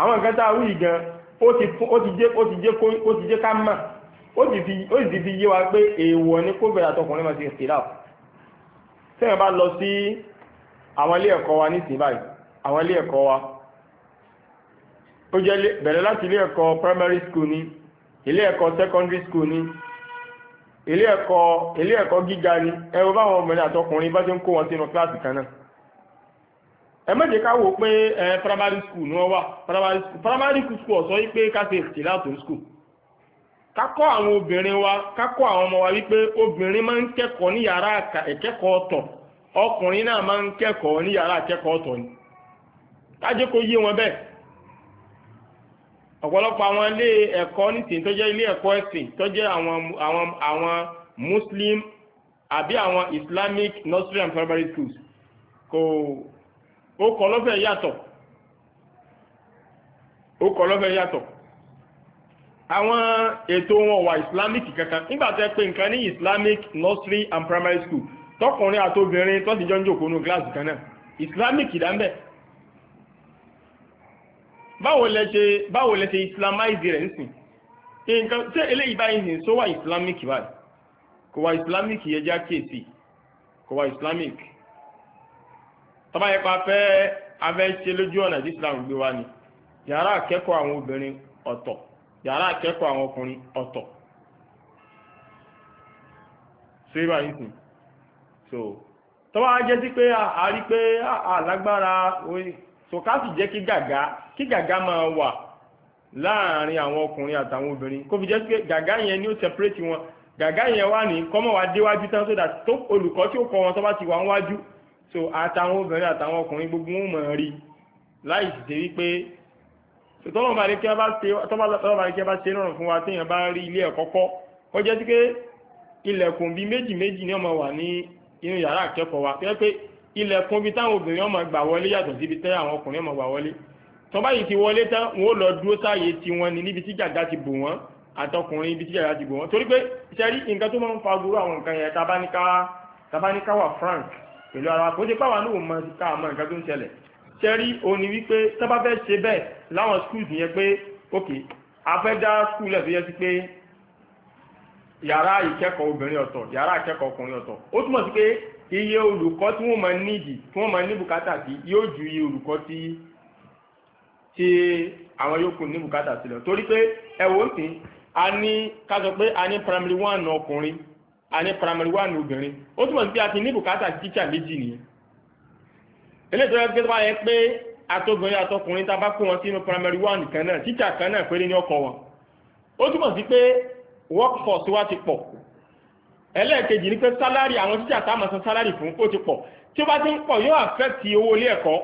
àwọn nǹkan tá a wí gan ó ti jẹ́ ká mọ̀ ó sì fi yé wa pé èèwọ̀ ni kóbìnrin àtọkùnrin máa ti ṣèlá sẹ́yìn bá lọ sí àwọn ilé ẹ̀kọ́ wa nísìnyí báyìí àwọn ilé ẹ̀kọ́ wa ó jẹ́ bẹ̀rẹ̀ láti ilé ẹ̀kọ́ primary school ni ilé ẹ̀kọ́ secondary school ni ilé ẹ̀kọ́ giga gíga ni ẹ wo báwọn ọmọdé àtọkùnrin bá ṣe ń kó wọn sínú kíláàsì kan náà ẹ má jẹ́ ká wò pé ẹ primary school ni wọ́n wà primary school ọ̀sọ́ àwọn obìnrin wa ká àwọn ọmọ wa wípé obìnrin máa ń kẹ́kọ̀ọ́ ní yàrá ìkẹ́kọ̀ọ́ ọ̀tọ̀ ọkùnrin náà máa ń kẹ́kọ̀ọ́ ní yàrá ni yé wọn bẹ́ẹ̀ ọ̀pọ̀lọpọ̀ àwọn ilé ẹ̀kọ́ nìsín tó jẹ́ ilé ẹ̀kọ́ ẹ̀sìn tó jẹ́ àwọn muslim àbí àwọn islamic nursery and primary schools kò ó kọ́ lọ́fẹ̀ẹ́ yàtọ̀ ó kọ́ lọ́fẹ̀ẹ́ yàtọ̀ àwọn ètò wọn wà islamic kankan nígbà tẹ́ pé nǹkan ní islamic nursery and primary school tọkùnrin àtobìnrin tó ti jọ ń jòkó nù gíláàsì kan náà islamic ìdámbẹ́ báwo lẹ ṣe báwo lẹ ṣe islamize rẹ̀ nsìn nǹkan ṣé eléyìí báyìí sìn sọ wà islamic báyìí kò wà islamic yẹ já kéèsì kò wà islamic tọ́ba yẹ pa fẹ́ afẹ́ ṣe lójú ọ̀nà islam gbé wa ni yàrá akẹ́kọ̀ọ́ àwọn obìnrin ọ̀tọ̀ yàrá akẹ́kọ̀ọ́ àwọn ọkùnrin ọ̀tọ̀ ṣé báyìí sìn so tọ́ba jẹ́ sí pé àárí pé àlágbára oyin. so ká sì jẹ́ kí gàgá kí gàgá máa wà láàárín àwọn ọkùnrin àtàwọn obìnrin kó fi jẹ́ pé gàgá yẹn ni ó separate wọn gàgá yẹn wà ní kọ́mọ̀ wá déwájú tán sódà tó olùkọ́ tí ó kọ́ wọn tó bá ti wà ń wájú so àtàwọn obìnrin àtàwọn ọkùnrin gbogbo wọn mọ̀ rí láì sì ṣe wípé tọ́lọ́mọ̀ bá rí kí a bá ṣe rọrùn fún wa téèyàn bá rí ilé ẹ̀kọ́ kọ́ ó jẹ́ sí pé ilẹ̀kùn bíi méjì méjì ni ọmọ wà ní inú yàrá akẹ́kọ̀ọ́ wa tó yẹ pé ilẹ̀kùn ibi táwọn obìnrin ọmọ gbà wọlé yàtọ̀ síbi tẹ́ àwọn ọkùnrin ọmọ gbà wọlé tó yìí ti wọlé tán wọn ó lọ dúró sáàyè tiwọn ni níbi tí jàgá ti bò wọ́n àtọkùnrin ibi tí jàgá ti bò wọ́n torí pé ìṣẹ́rí nǹkan tó máa ń fa gbúrú àwọn nǹkan yẹn tabaníká wà frank pẹ̀lú ara kò ṣe páwọn náà mọ ká àmọ́ nǹkan tó ń ṣẹlẹ̀ ṣẹ́rí òní wípé tó bá fẹ́ ṣe bẹ́ẹ̀ láwọn schools yẹn pé ok a yàrá ìkẹ́kọ̀ọ́ obìnrin ọ̀tọ̀ yàrá ìkẹ́kọ̀ọ́ ọkùnrin ọ̀tọ̀ ó túmọ̀ sí pé iye olùkọ́ tí wọ́n máa nídìí tí wọ́n máa ní bùkátà sí yóò ju iye olùkọ́ tí tí àwọn yòókù ní bùkátà sílẹ̀ torí pé ẹ̀wọ̀ sí a ní ká sọ pé a ní primary one ọkùnrin a ní primary one obìnrin ó túmọ̀ sí pé a ti ní bùkátà tíṣà méjì nìyẹn eléyìí tó yẹ kí wọ́n yẹ pé àtobìnrin àtọkùnrin tá a bá kó wọn sínú primary one kan náà tíṣà kan náà péré ní ọkọ̀ wọn ó túmọ̀ sí pé workforce wa ti pọ̀ ẹlẹ́ẹ̀kejì ni pé sálárì àwọn tíṣà tá a máa san sálárì fún ó ti pọ̀ tí ó bá ti ń pọ̀ yóò àfẹ́ẹ̀tì owó ilé ẹ̀kọ́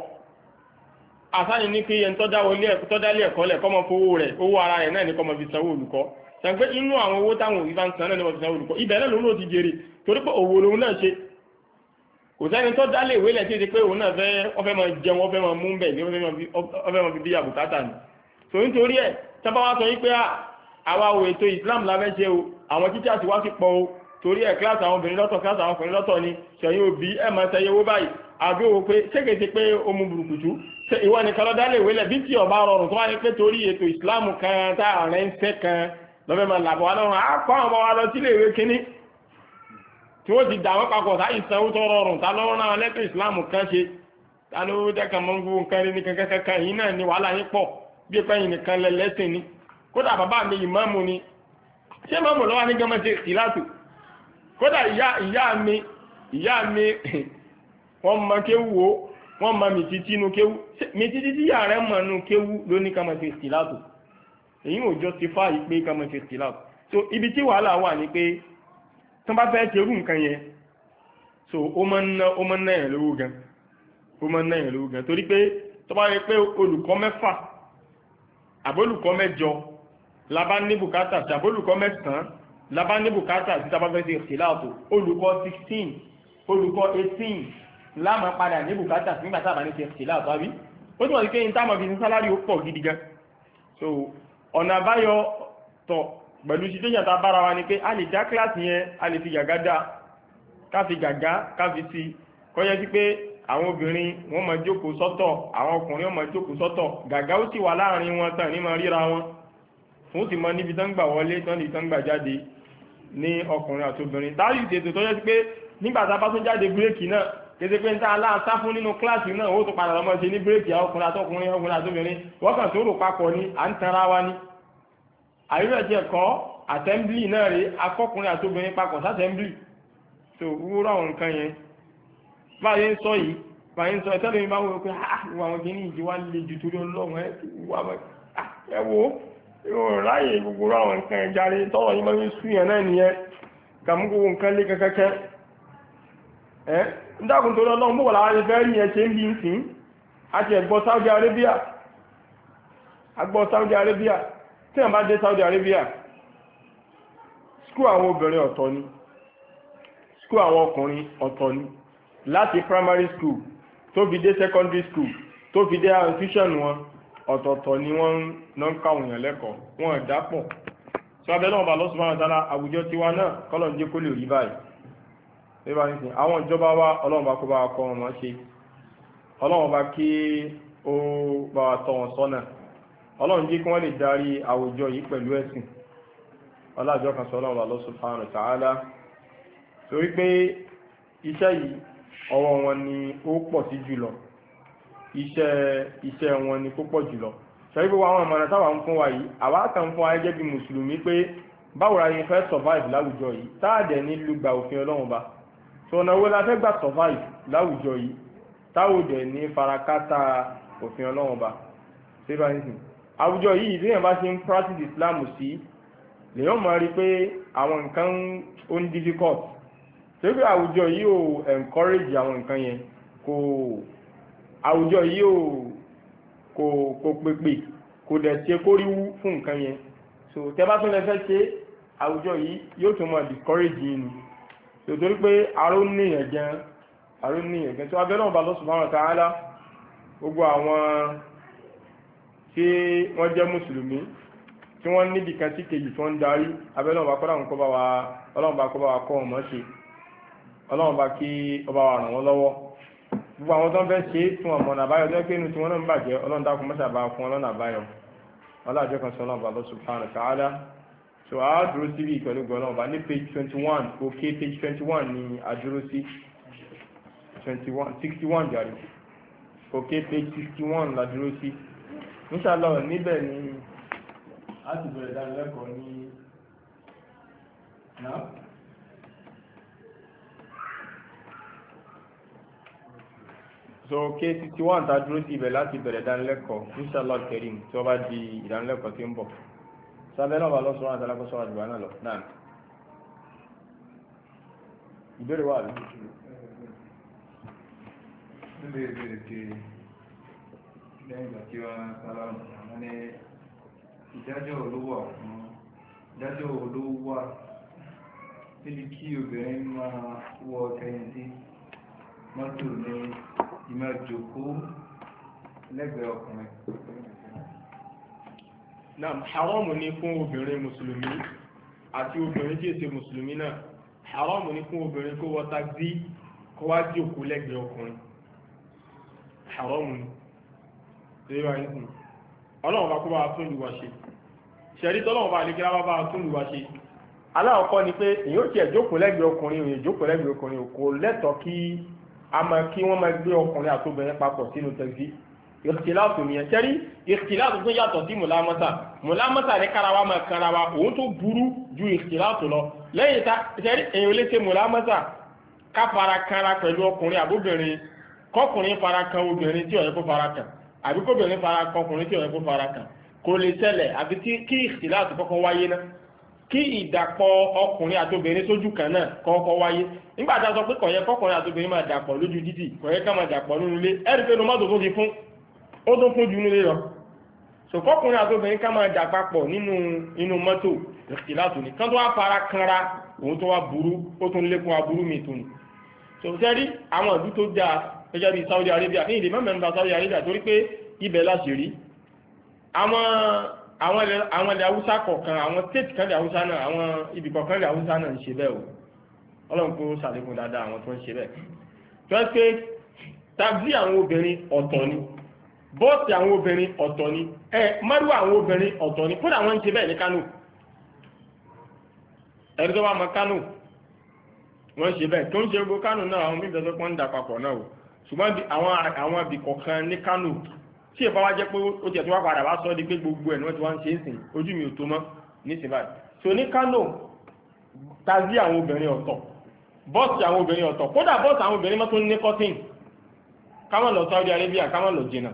àsáni ní pé ẹni tọ́dá ilé ẹ̀kọ́ lẹ̀kọ́ mọ́ fowó rẹ̀ owó ara rẹ̀ náà ní kọ́ mọ́ fi sanwó olùkọ́ sàgbé inú àwọn owó táwọn òbí bá ń san náà ní mọ́ fi sanwó olùkọ́ ibẹ̀ náà lóun ti jèrè torí pé òwò lòun náà ṣe kò sẹ́ni tó dá lè wé lẹ̀ títí pé òun náà fẹ́ ọfẹ́ máa jẹun ọfẹ́ máa mú bẹ̀ ní ọfẹ́ máa fi bí àbùkátà ni so nítorí ẹ̀ tábà wá sọ yí pé ah, àwa ò ètò Islam la fẹ́ ṣe o àwọn títí àti wá sí pọ̀ o torí ẹ̀ kíláàsì àwọn obìnrin lọ́tọ̀ kíláàsì àwọn ọkùnrin lọ́tọ̀ ni ṣẹ̀yìn òbí ẹ̀ máa ṣẹyẹ owó báyìí àbí òwò pé ṣégeṣe pé ó mu burúkutu ṣe ìwọ nìkan lọ́dá lè wélẹ̀ bí tí ọba rọrùn tó wáyé pé torí ètò ìsìláàmù kan tá ààrẹ ń fẹ́ kan lọ́fẹ́ máa làbọ̀ wá lọ́rùn á kọ́ àwọn ọmọ wa lọ sílé ìwé kínní tí wọ́n ti dà wọ́n papọ̀ sáyìn sanwó tó rọrùn ta lọ́wọ́ náà lẹ́tọ̀ ìsìláàmù kan ṣe ta ló dẹ́kan mọ́ gbogbo nǹkan ní kankan kankan yìí náà ni wàhálà yín pọ̀ bí ẹ̀pẹ́ yìí nìkan lẹ́lẹ́sìn ni kódà bàbá mi ìmáàmù ni ṣé máàmù lọ́wọ́ ní gẹ́mọ́ ṣe ìlàtù kódà ìyá mi ìyá mi wọ́n mọ kéwú o wọ́n mọ mi títí inú kéwú mi títí tí yàrá mọ̀ nù kéwú lóní ká mọ̀ ṣe stìlátò èyí ò jọ ti fá yìí pé ká mọ̀ ṣe stìlátò so ibi tí wàhálà wà ní pé tán bá fẹ́ ṣerú nǹkan yẹn so ó mọ́ ń ná ó mọ́ ń ná yẹn lówó gan ó mọ́ ná yẹn lówó gan torí pé tó bá rí pé olùkọ́ mẹ́fà àbólùkọ́ mẹ́jọ la ní bùkátà sí àbólùkọ́ mẹ́sàn-án labá ní bùkátà sí tàbá fẹ́ sí ìtìláàtò olùkọ́ 16 olùkọ́ 18 láàmà padà ní bùkátà sí nígbàtà àbá ní sí ìtìláàtò àbí ó túnmọ̀ sí pé in táàmà fi ní sálárì ó pọ̀ gidi gan so ọ̀nà àbáyọ tọ̀ pẹ̀lú situation tá bára wa ni pé a lè dá kíláàsì yẹn a lè fi gàgá dá ká fi gàgá ká fi sí kọjá sí pé àwọn obìnrin wọ́n máa jókòó sọ́tọ̀ àwọn ọkùnrin wọ́n máa jókòó sọ́tọ̀ gàgá ó sì wà láàrin wọn tán ní máa ríra wọn fún sì mọ níbi tán gbà wọlé tán níbi tán gbà jáde ní ọkùnrin àti obìnrin táyì tètè tó yẹ sí pé nígbà tá a bá tún jáde bírèkì náà kété pé níta aláàtá fún nínú kíláàsì náà ó tún padà lọ́mọ ṣe ní bírèkì ọkùnrin àtọkùnrin ọkùnrin àtọbìnrin wọ́n kàn tó rò papọ̀ ni à ń tanra wa ni àyúrẹ̀tì ẹ̀kọ́ àtẹ́ńbìlì náà rèé akọkùnrin àtọbìnrin papọ̀ sátẹ́ńbìlì tó wúrọ̀ àwọn nǹkan yẹn báyìí ń sọ yìí fàyín sọ ẹtọ́ lóyún bá wọ pé ah, àwọn kìíní ìjì wá lè ju torí ọlọ́run iwu ráyè gbogbo àwọn nǹkan ìjáre tọ́rọ̀ yìí máa sún yẹn náà nìyẹn kàmúgbogbo nǹkan lé kẹ́kẹ́kẹ́ ẹ́ ń tó lọ́lọ́ mú wàlá rẹ̀ fẹ́ẹ́ rí ṣe ń Saudi Arabia agbọ́ Saudi Arabia tí wọ́n bá dé Saudi Arabia skú àwọn obìnrin ọ̀tọ̀ ni skú àwọn ọkùnrin ọ̀tọ̀ ni láti primary school tó fi dé secondary school ọ̀tọ̀ọ̀tọ̀ ni wọ́n ń káwọn èèyàn lẹ́kọ̀ọ́ wọn ò dápọ̀ tí wọ́n bẹ náà bá lọ́sùn máa dára àwùjọ tiwa náà kọ́lọ̀ ń jẹ́ kó lè rí báyìí àwọn ìjọba wa ọlọ́run bá kó bá kọ́ wọn máa ṣe ọlọ́run bá kí ó bá wa tọ́ wọn sọ́nà ọlọ́run jẹ́ kí wọ́n lè darí àwùjọ yìí pẹ̀lú ẹ̀sìn ọlájọ́ kan sọ bá lọ́sùn fáwọn tààlà torí pé iṣẹ́ yìí ọwọ́ wọn ni ó pọ̀ sí jùlọ iṣẹ́ iṣẹ́ wọn ni púpọ̀ jùlọ ṣẹ́rí gbogbo àwọn ìmọ̀ràn táwa ń fún wa yìí àwa kàn ń fún wa gẹ́gẹ́ bí mùsùlùmí pé báwo la yẹn fẹ́ survive láwùjọ yìí táàdẹ̀ ní lùgbà òfin ọlọ́run ba ṣọ̀nà wo la fẹ́ gbà survive láwùjọ yìí táwùjọ ní farakátà òfin ọlọ́run ba ṣébà nísìn àwùjọ yìí ìdíyàn bá ṣe ń practice Islam sí lèyàn mọ̀ rí pé àwọn nǹkan ó ń difficult ṣé pé àwùjọ yìí ò encourage àwọn nǹkan yẹn kò àwùjọ yìí ò kò kò pèpè kò dẹ̀ ṣe kóríwú fún nǹkan yẹn so tẹ bá tún lè fẹ́ ṣe àwùjọ yìí yóò tún máa discourage yín ni so torí pé aró níyàn gan aró níyàn gan tí wọ́n abẹ́rẹ́ ọba lọ́sùn fáwọn káàlá gbogbo àwọn tí wọ́n jẹ́ mùsùlùmí tí wọ́n níbi kan sí kejì tó ń darí abẹ́rẹ́ ọba kọ́ra ọlọ́run bá kọ́ bá wa kọ́ ọ̀mọ́ ṣe ọlọ́run bá kí ọba wa ràn wọ́n lọ́wọ́ gbogbo àwọn tó ń fẹ́ ṣe é tún ọ̀mọ̀nà àbáyọ tó yẹ pé inú tí wọ́n náà ń bàjẹ́ ọlọ́run dákun mọ́ṣà bá fún ọlọ́run àbáyọ ọlọ́àjọ kan sọ ọlọ́run bàbá subhanahu ta'ala so a dúró síbi ìpẹ̀lú gbọ́dọ̀ ọba ní page twenty one òkè page twenty one ni a dúró sí twenty one sixty one jàre òkè page sixty one la dúró sí inshallah níbẹ̀ ni a ti bẹ̀rẹ̀ dánilẹ́kọ̀ọ́ ní. so kéèsì tí wọ́n ta dúró sí ibẹ̀ láti bẹ̀rẹ̀ ìdánilẹ́kọ̀ọ́ inshallah kerim tí wọ́n bá di ìdánilẹ́kọ̀ọ́ tí ń bọ̀ sábẹ́ náà bá lọ́sọ̀rọ̀ àti alákọ̀ọ́sọ̀ àjùbá náà lọ náà ìbéèrè wà lọ. nílé ìbéèrè pé lẹ́yìn ìgbà tí wọ́n sálámù àwọn ní ìdájọ́ olówó àwọn ìdájọ́ olówó wà níbi kí obìnrin máa wọ tẹ̀yìntì mọ́tò ní ìmọ̀ jòkó lẹ́gbẹ̀ẹ́ ọkùnrin. Naam, haramu ni fún obìnrin Mùsùlùmí àti obìnrin tí èsè Mùsùlùmí náà. Haramu ni fún obìnrin kó wọ táxi kó wá jòkó lẹ́gbẹ̀ẹ́ ọkùnrin. Haramu ni. Ṣé bá yín sùn? Ọlọ́run bá kó bá tún ìlú wa ṣe. Ṣẹ̀rí tọ́lọ́run bá lékè lábá bá tún ìlú wa ṣe. Aláwọ̀kọ́ ni pé èyí ò tiẹ̀ jókòó lẹ́gbẹ̀ẹ́ ọkùnrin, èyí jókòó lẹ́gbẹ̀ẹ́ ọkùnrin, kò lẹ́tọ̀ọ́ kí àmọ́ kí wọ́n máa gbé ọkùnrin àti obìnrin papọ̀ sínú tẹ̀sí ìkìláàtù nìyẹn sẹ́rí ìkìláàtù tó yàtọ̀ sí mùlámọ́sà mùlámọ́sà ní kárawa máa kárawa òun tó burú ju ìkìláàtù lọ lẹ́yìn tá sẹ́rí èyàn lè ṣe mùlámọ́sà ká fara kanra pẹ̀lú ọkùnrin àbóbìnrin kọkùnrin fara kan obìnrin tí ó yẹ kó fara kan àbí kóbìnrin fara kan ọkùnrin tí ó yẹ kó fara kan kò lè ṣẹlẹ̀ àbí kí ìkìláàtù kọ́kọ́ wáyé náà kí ìdàpọ̀ ọkùnrin àtobìnrin sójú kan náà kọ́kọ́ wáyé nígbà tá a sọ pé kò yẹ kọ́kùnrin àtobìnrin máa dàpọ̀ lójú títì kò yẹ ká máa dàpọ̀ nínú ilé ẹ̀rí pé mọ́tò tó fi fún ó tó fún ju nílé lọ so kọ́kùnrin àtobìnrin ká máa dàpapọ̀ nínú inú mọ́tò ìlàtò ní kán tó wá fara kanra òun tó wá burú ó tún lékún aburú mi tó nù so sẹ́rí àwọn ìlú tó dáa gẹ́gẹ́ bí Saudi Arabia ní ìdè mẹ́mẹ́rin Saudi Arabia torí pé ibẹ̀ láṣìírí àwọn àwọn ilẹ̀ haúsá àwọn state kan ilẹ̀ náà àwọn ibìkan kan ilẹ̀ náà ń ṣe bẹ́ẹ̀ o ọlọ́run kó ṣàlékún dáadáa àwọn tó ń ṣe bẹ́ẹ̀ tó ẹ́ pé tàbí àwọn obìnrin ọ̀tọ̀ ni bọ́ọ̀sì àwọn obìnrin ọ̀tọ̀ ni ẹ mọ́rú àwọn obìnrin ọ̀tọ̀ ni kódà wọ́n ń ṣe bẹ́ẹ̀ ní Kánò ẹ̀rí tó mọ Kánò wọ́n bẹ́ẹ̀ tó ń tí ìfọwọ́ wá jẹ́ pé ó tiẹ̀ tó wá padà sọ di pé gbogbo ẹ̀ ti wá ń mi ò tó mọ́ nísìnyí so ní Kano tazi àwọn obìnrin ọ̀tọ̀ bọ́ọ̀sì àwọn obìnrin ọ̀tọ̀ kódà bọ́ọ̀sì àwọn obìnrin mọ́tò ní cotton káwọn lọ Saudi Arabia káwọn lọ jìnnà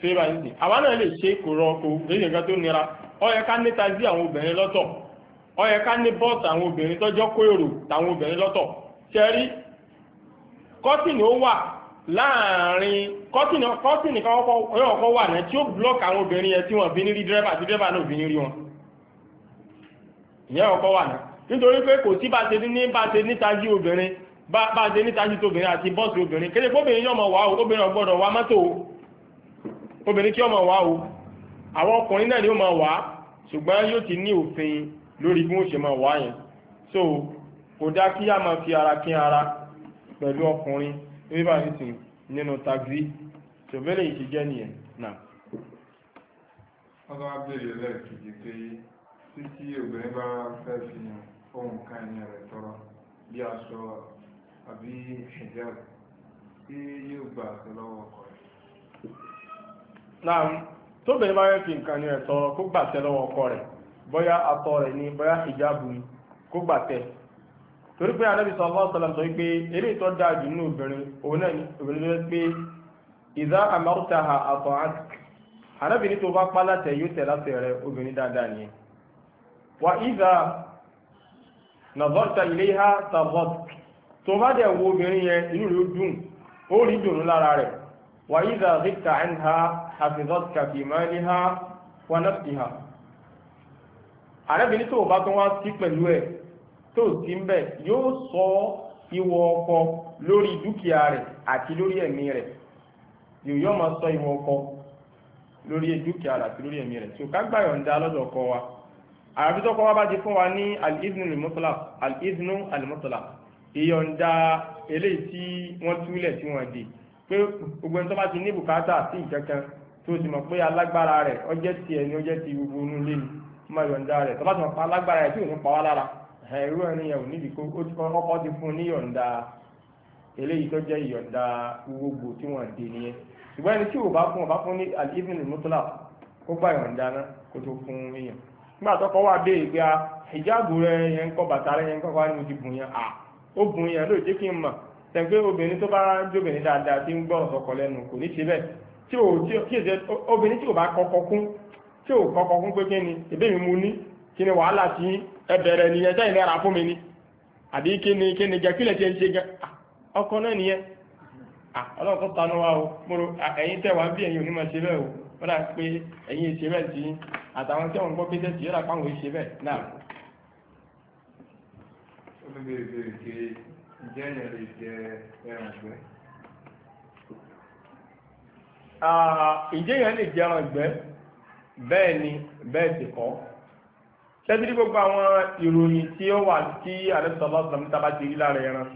so yíba yìí sìn àwa náà lè ṣe kò láàrin kọ́tìnì kọ́tìnì kan ọkọ̀ wà náà tí ó blọ́ọ̀kì àwọn obìnrin yẹn tí wọ́n bí ní rí dírẹ́bà tí dírẹ́bà náà bí ní rí wọn ìyẹn ọkọ̀ wà náà nítorí pé kò sí bá ṣe ní bá ṣe nítají obìnrin bá ṣe nítají tóbìnrin àti bọ́ọ̀sì obìnrin kéde kóbìnrin yọmọ wà o obìnrin ọgbọ́dọ̀ wà mọ́tò o obìnrin kí ọmọ wà o àwọn ọkùnrin náà ni ó máa wà ṣùgbọ́n yóò ti ní òfin lórí bí wọ́n ṣe máa wà yẹn a máa fi ara kí ara pẹ̀lú ọkùnrin orí bá nìsín nínú taxi ṣòbẹ́lẹ̀ yìí ti jẹ́ nìyẹn náà. wọ́n tó wá béèrè lẹ́ẹ̀kejì pé títí obìnrin bá fẹ́ fi ohun kan ẹ̀yìn rẹ̀ tọrọ bí aṣọ àbí hijab tí yóò gbà sí lọ́wọ́ ọkọ rẹ̀. náà tóbìnrin bá fẹ́ fi nǹkan ẹ̀yìn rẹ̀ tọrọ kó gbà ọkọ rẹ̀ bóyá atọ rẹ̀ ni bóyá hijab ni kó gbà tẹ́ torí pé anábì sallallahu alaihi wasallam sọ pé eré ìtọ́ dáa jù nínú obìnrin òun náà ni obìnrin tó pé ìdá amartaha ata'at anábìnrin tó bá pálá tẹ̀ yóò tẹ̀ láti rẹ̀ obìnrin dáadáa nìyẹn wa ìdá nazarta ilayha tàbọ̀t tó bá dẹ̀ wo obìnrin yẹn inú rẹ̀ dùn ó rí dùnú lára rẹ̀ wa ìdá ríkta anha hafizatka fi maliha wa nafsiha anábìnrin tó bá tó wá sí pẹ̀lú ẹ̀ tó sí ń bẹ̀ yóò sọ ìwọ ọkọ lórí dúkìá rẹ̀ àti lórí ẹ̀mí rẹ̀ yóò yọ́ máa sọ ìwọ ọkọ lórí dúkìá rẹ̀ àti lórí ẹ̀mí rẹ̀ tó ká gbà yọ̀ǹda lọ́dọ̀ ọkọ wa àbí tọ́kọ wa bá ti fún wa ní al-idhnu al-mutlaq ìyọ̀ǹda eléyìí tí wọ́n túlẹ̀ tí wọ́n dé pé gbogbo ẹni tó bá ti ní bùkátà sí ìkankan tó sì mọ̀ pé alágbára rẹ̀ ọjẹ́ tiẹ̀ ni ọjẹ́ ti gbogbo inú lé ni máa yọ̀ǹda rẹ̀ tó bá ti mọ̀ pé alágbára rẹ̀ tí ò ní pa wá lára ẹ̀rú ẹ̀ríyàn ò níbi kó ọkọ̀ ti fún níyọ̀ǹda eléyìí tó jẹ́ ìyọ̀ǹda gbogbo tí wọ́n dé nìyẹn ṣùgbọ́n ẹni tí ò bá fún ọba fún ní alivin mutla ó gbà ìyọ̀ǹda náà kó tó fún èèyàn nígbà tó kọ́ wà dé ìgbé a ìjáàbù rẹ yẹn ń kọ́ bàtà rẹ yẹn ń kọ́ wá ní ojú bùn yẹn à ó bùn yẹn ló jẹ́ kí n mọ̀ tẹ̀gbẹ́ obìnrin tó bá jóbìnrin dáadáa tí ń gbọ́ ọ̀sọ̀kọ̀ lẹ́nu kò ní ṣe bẹ́ẹ̀ tí ò tí èdè obìnrin tí ò bá kọ́kọ́ kún tí ò kọ́kọ́ kún pé kí ni èbí mi mu ní kí ni wàhálà ti yín ẹbẹ̀rẹ̀ nìyẹn sẹ́yìn náírà fún mi ni àbí ni kí ni ń ṣe gan ah, ọkọ náà nìyẹn ah, ọlọ́run kọ́ tanú o mọ́rọ̀ ah, ẹ̀yìn tẹ̀ bí ẹ̀yìn onímọ̀ ṣe bẹ́ẹ̀ o wọ́n pé ẹ̀yin ṣe bẹ́ẹ̀ sí àtàwọn tí wọ́n gbọ́ pé ṣẹ́bírí gbogbo àwọn ìròyìn tí ó wà tí àdẹ́sọ̀lọ́ ọ̀sán ti rí lára ẹran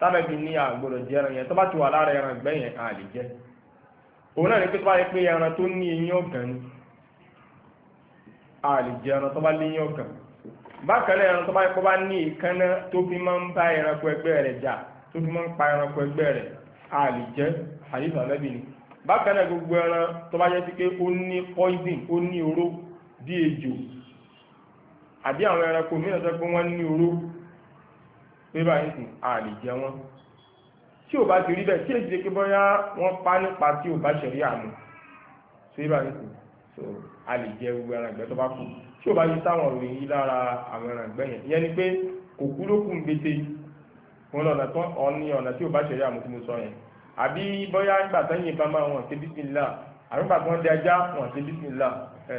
tábàbí ní àgbọ̀dọ̀ jẹ ẹran yẹn tó bá ti wà lára ẹran ìgbẹ́ yẹn àlè jẹ òun náà ní pé tó bá yẹ pé ẹran tó ní eyín ọ̀gàn ni àlè jẹ ẹran tó bá lé eyín ọ̀gàn bákan náà ẹran tó bá yẹ kó bá ní ìkànnà tó fi máa ń bá ẹranko ẹgbẹ́ rẹ̀ jà tó fi máa ń pa ẹranko ẹgbẹ́ rẹ̀ àlè jẹ àyíṣà poison ó ní oró àbí àwọn ẹranko mìíràn tó pé wọ́n ní oró pé báyìí sùn a lè jẹ wọ́n tí ò bá ti rí bẹ́ẹ̀ tí èsì ṣe pé bóyá wọ́n pa nípa tí ò bá ṣẹ̀rí àmú pé báyìí sùn so a lè jẹ ewu ẹran ìgbẹ́ tó bá kù tí ò bá yí sáwọn òròyìn yìí lára àwọn ẹran ìgbẹ́ yẹn ìyẹn ni pé kò kú ló kù ń gbèsè òun lọ́nà tó ọ̀ ní ọ̀nà tí ò bá ṣẹ̀rí àmú tí mo sọ yẹn àbí bóyá nígbà tó yìnbá máa wọn ṣe bísíńlá àbí nígbà wọn di ajá wọn ṣe bísíńlá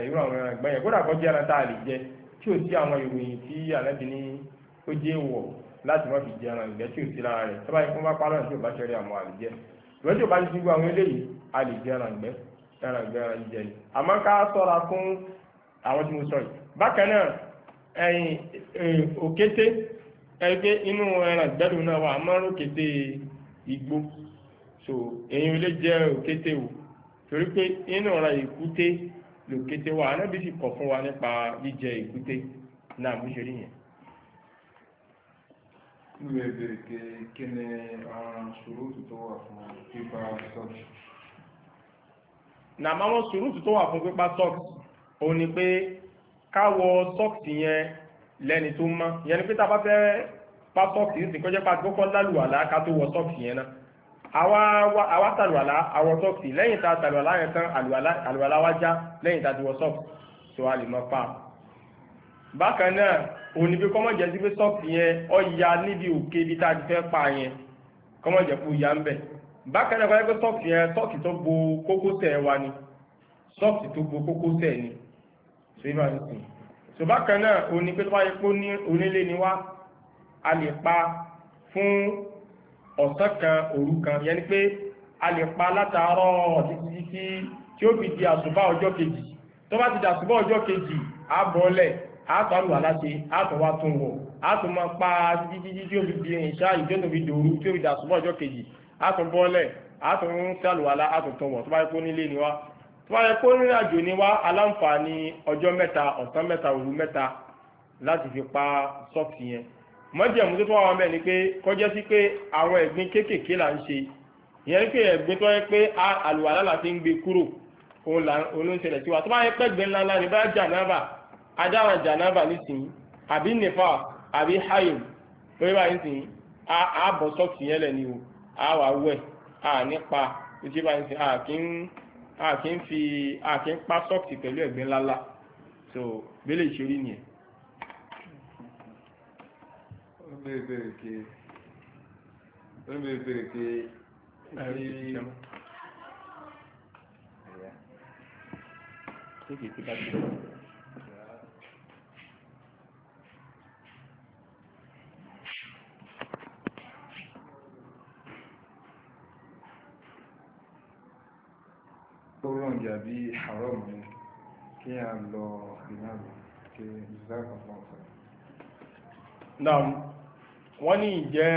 irú àwọn ẹran ìgbẹ́ yẹn kódà kọjá ẹran tá a lè jẹ tí ò sí àwọn ìròyìn tí ànábì ní ó jẹ́ wọ̀ láti má fi jẹ ẹran ìgbẹ́ tí ò sí lára rẹ̀ sábà yìí fún bá parọ́ tí o bá ṣẹlẹ̀ àmọ́ àlùjẹ ìwé tí ò bá ti ti gbọ́ àwọn eléyìí a lè jẹ ẹran ìgbẹ́ ẹran ìgbẹ́ ẹran ìjẹ ni àmọ́ ká sọ́ra fún àwọn tí mo sọ yìí bákan náà ẹyin eh, òkété ẹgbẹ́ inú ẹran ìgbẹ́dùn náà wà àmọ́ òkété igbó so èyí ò jẹ òkété o torí pé inú ọ̀rọ̀ ìkúté lòkété wa anábì sì kọ̀ fún wa nípa jíjẹ ìkúté náà bó ṣe rí yẹn. Níbi ìbéèrè pé kí ni àwọn ṣòro tó wà fún pípa sọ́ọ̀kì? Nà máa wọ́n ṣòro tó wà fún pípa sọ́ọ̀kì, òun ni pé káwọ sọ́ọ̀kì yẹn lẹ́ni tó mọ́. Ìyẹn ni pé tá a bá fẹ́ pa sọ́ọ̀kì yìí sì kọjá pa àti kọ́kọ́ lálùwàlá ká tó wọ sọ́ọ̀kì yẹn náà àwa tàlùwàlá àwọ̀ sọ́ọ̀sì lẹ́yìn tá a tàlùwàlá yẹn tán àlùwàlá wá já lẹ́yìn tá a ti wọ sọ́ọ̀sì tó a lè mọ pa. bákan náà òun ni bí kọ́mọ̀jẹ́ sí pé sọ́ọ̀sì yẹn ọ ya níbi òkè ibi tá a ti fẹ́ pa yẹn kọ́mọ̀jẹ́ kú ya ń bẹ̀. bákan náà kọ́mọ̀jẹ́ pé sọ́ọ̀sì yẹn sọ́ọ̀sì tó bo kókósẹ̀ wa ni sọ́ọ̀sì tó bo kókósẹ̀ ni ṣé máa ń sìn. so bákan náà òun ni pé tó bá yẹ pé onílé ni wá a lè pa fún ọ̀sán kan òru kan yẹn ni pé a lè pa látàárọ̀ títí tí ó fi di àsùbá ọjọ́ kejì tó bá ti dàsùbá ọjọ́ kejì á bọ́ọ̀lẹ̀ á tọ́ àlù aláṣẹ á tọ́ wá tún wọ̀ á pa títí tí ó fi di ìṣá ìjọ́nà fi dòru tí ó fi dàsùbá ọjọ́ kejì á tún bọ́ọ̀lẹ̀ á tún sàlù alá á tún tún wọ̀ tó ni wá tó bá ni wá aláǹfààní ọjọ́ mẹ́ta ọ̀sán mẹ́ta òru mẹ́ta láti pa sọ́ọ̀tì mọ́jẹ̀mú tó tún wà mẹ́ ni pé kọjá sí pé àwọn ẹ̀gbin kéékèèké là ń ṣe ìyẹn ni pé ẹ̀gbin tó yẹ pé àlùwàlá là fi ń gbé kúrò òun là ló ń ṣẹlẹ̀ sí wa tó bá yẹ pẹ́gbẹ́ ńlá ńlá ni bá jànáàbà adára jànáàbà nísìnyí àbí nífà àbí hayo lórí bá yín sìn àbọ̀ sọ́ọ̀tì yẹn lẹ̀ ni o àwà wẹ̀ à nípa ìṣe bá yín sìn àkín fi àkín pa sọ́ọ̀tì pẹ̀lú ẹ̀gbin ńlá so bí lè ṣe rí nìyẹn. bèrè bèrè ké ó ní bèrè bèrè ké ó rọ̀njà bí haram ni kí a lọ ìnáwó kí ìzákọ̀ọ́ náà wọ́n ní ìjẹ́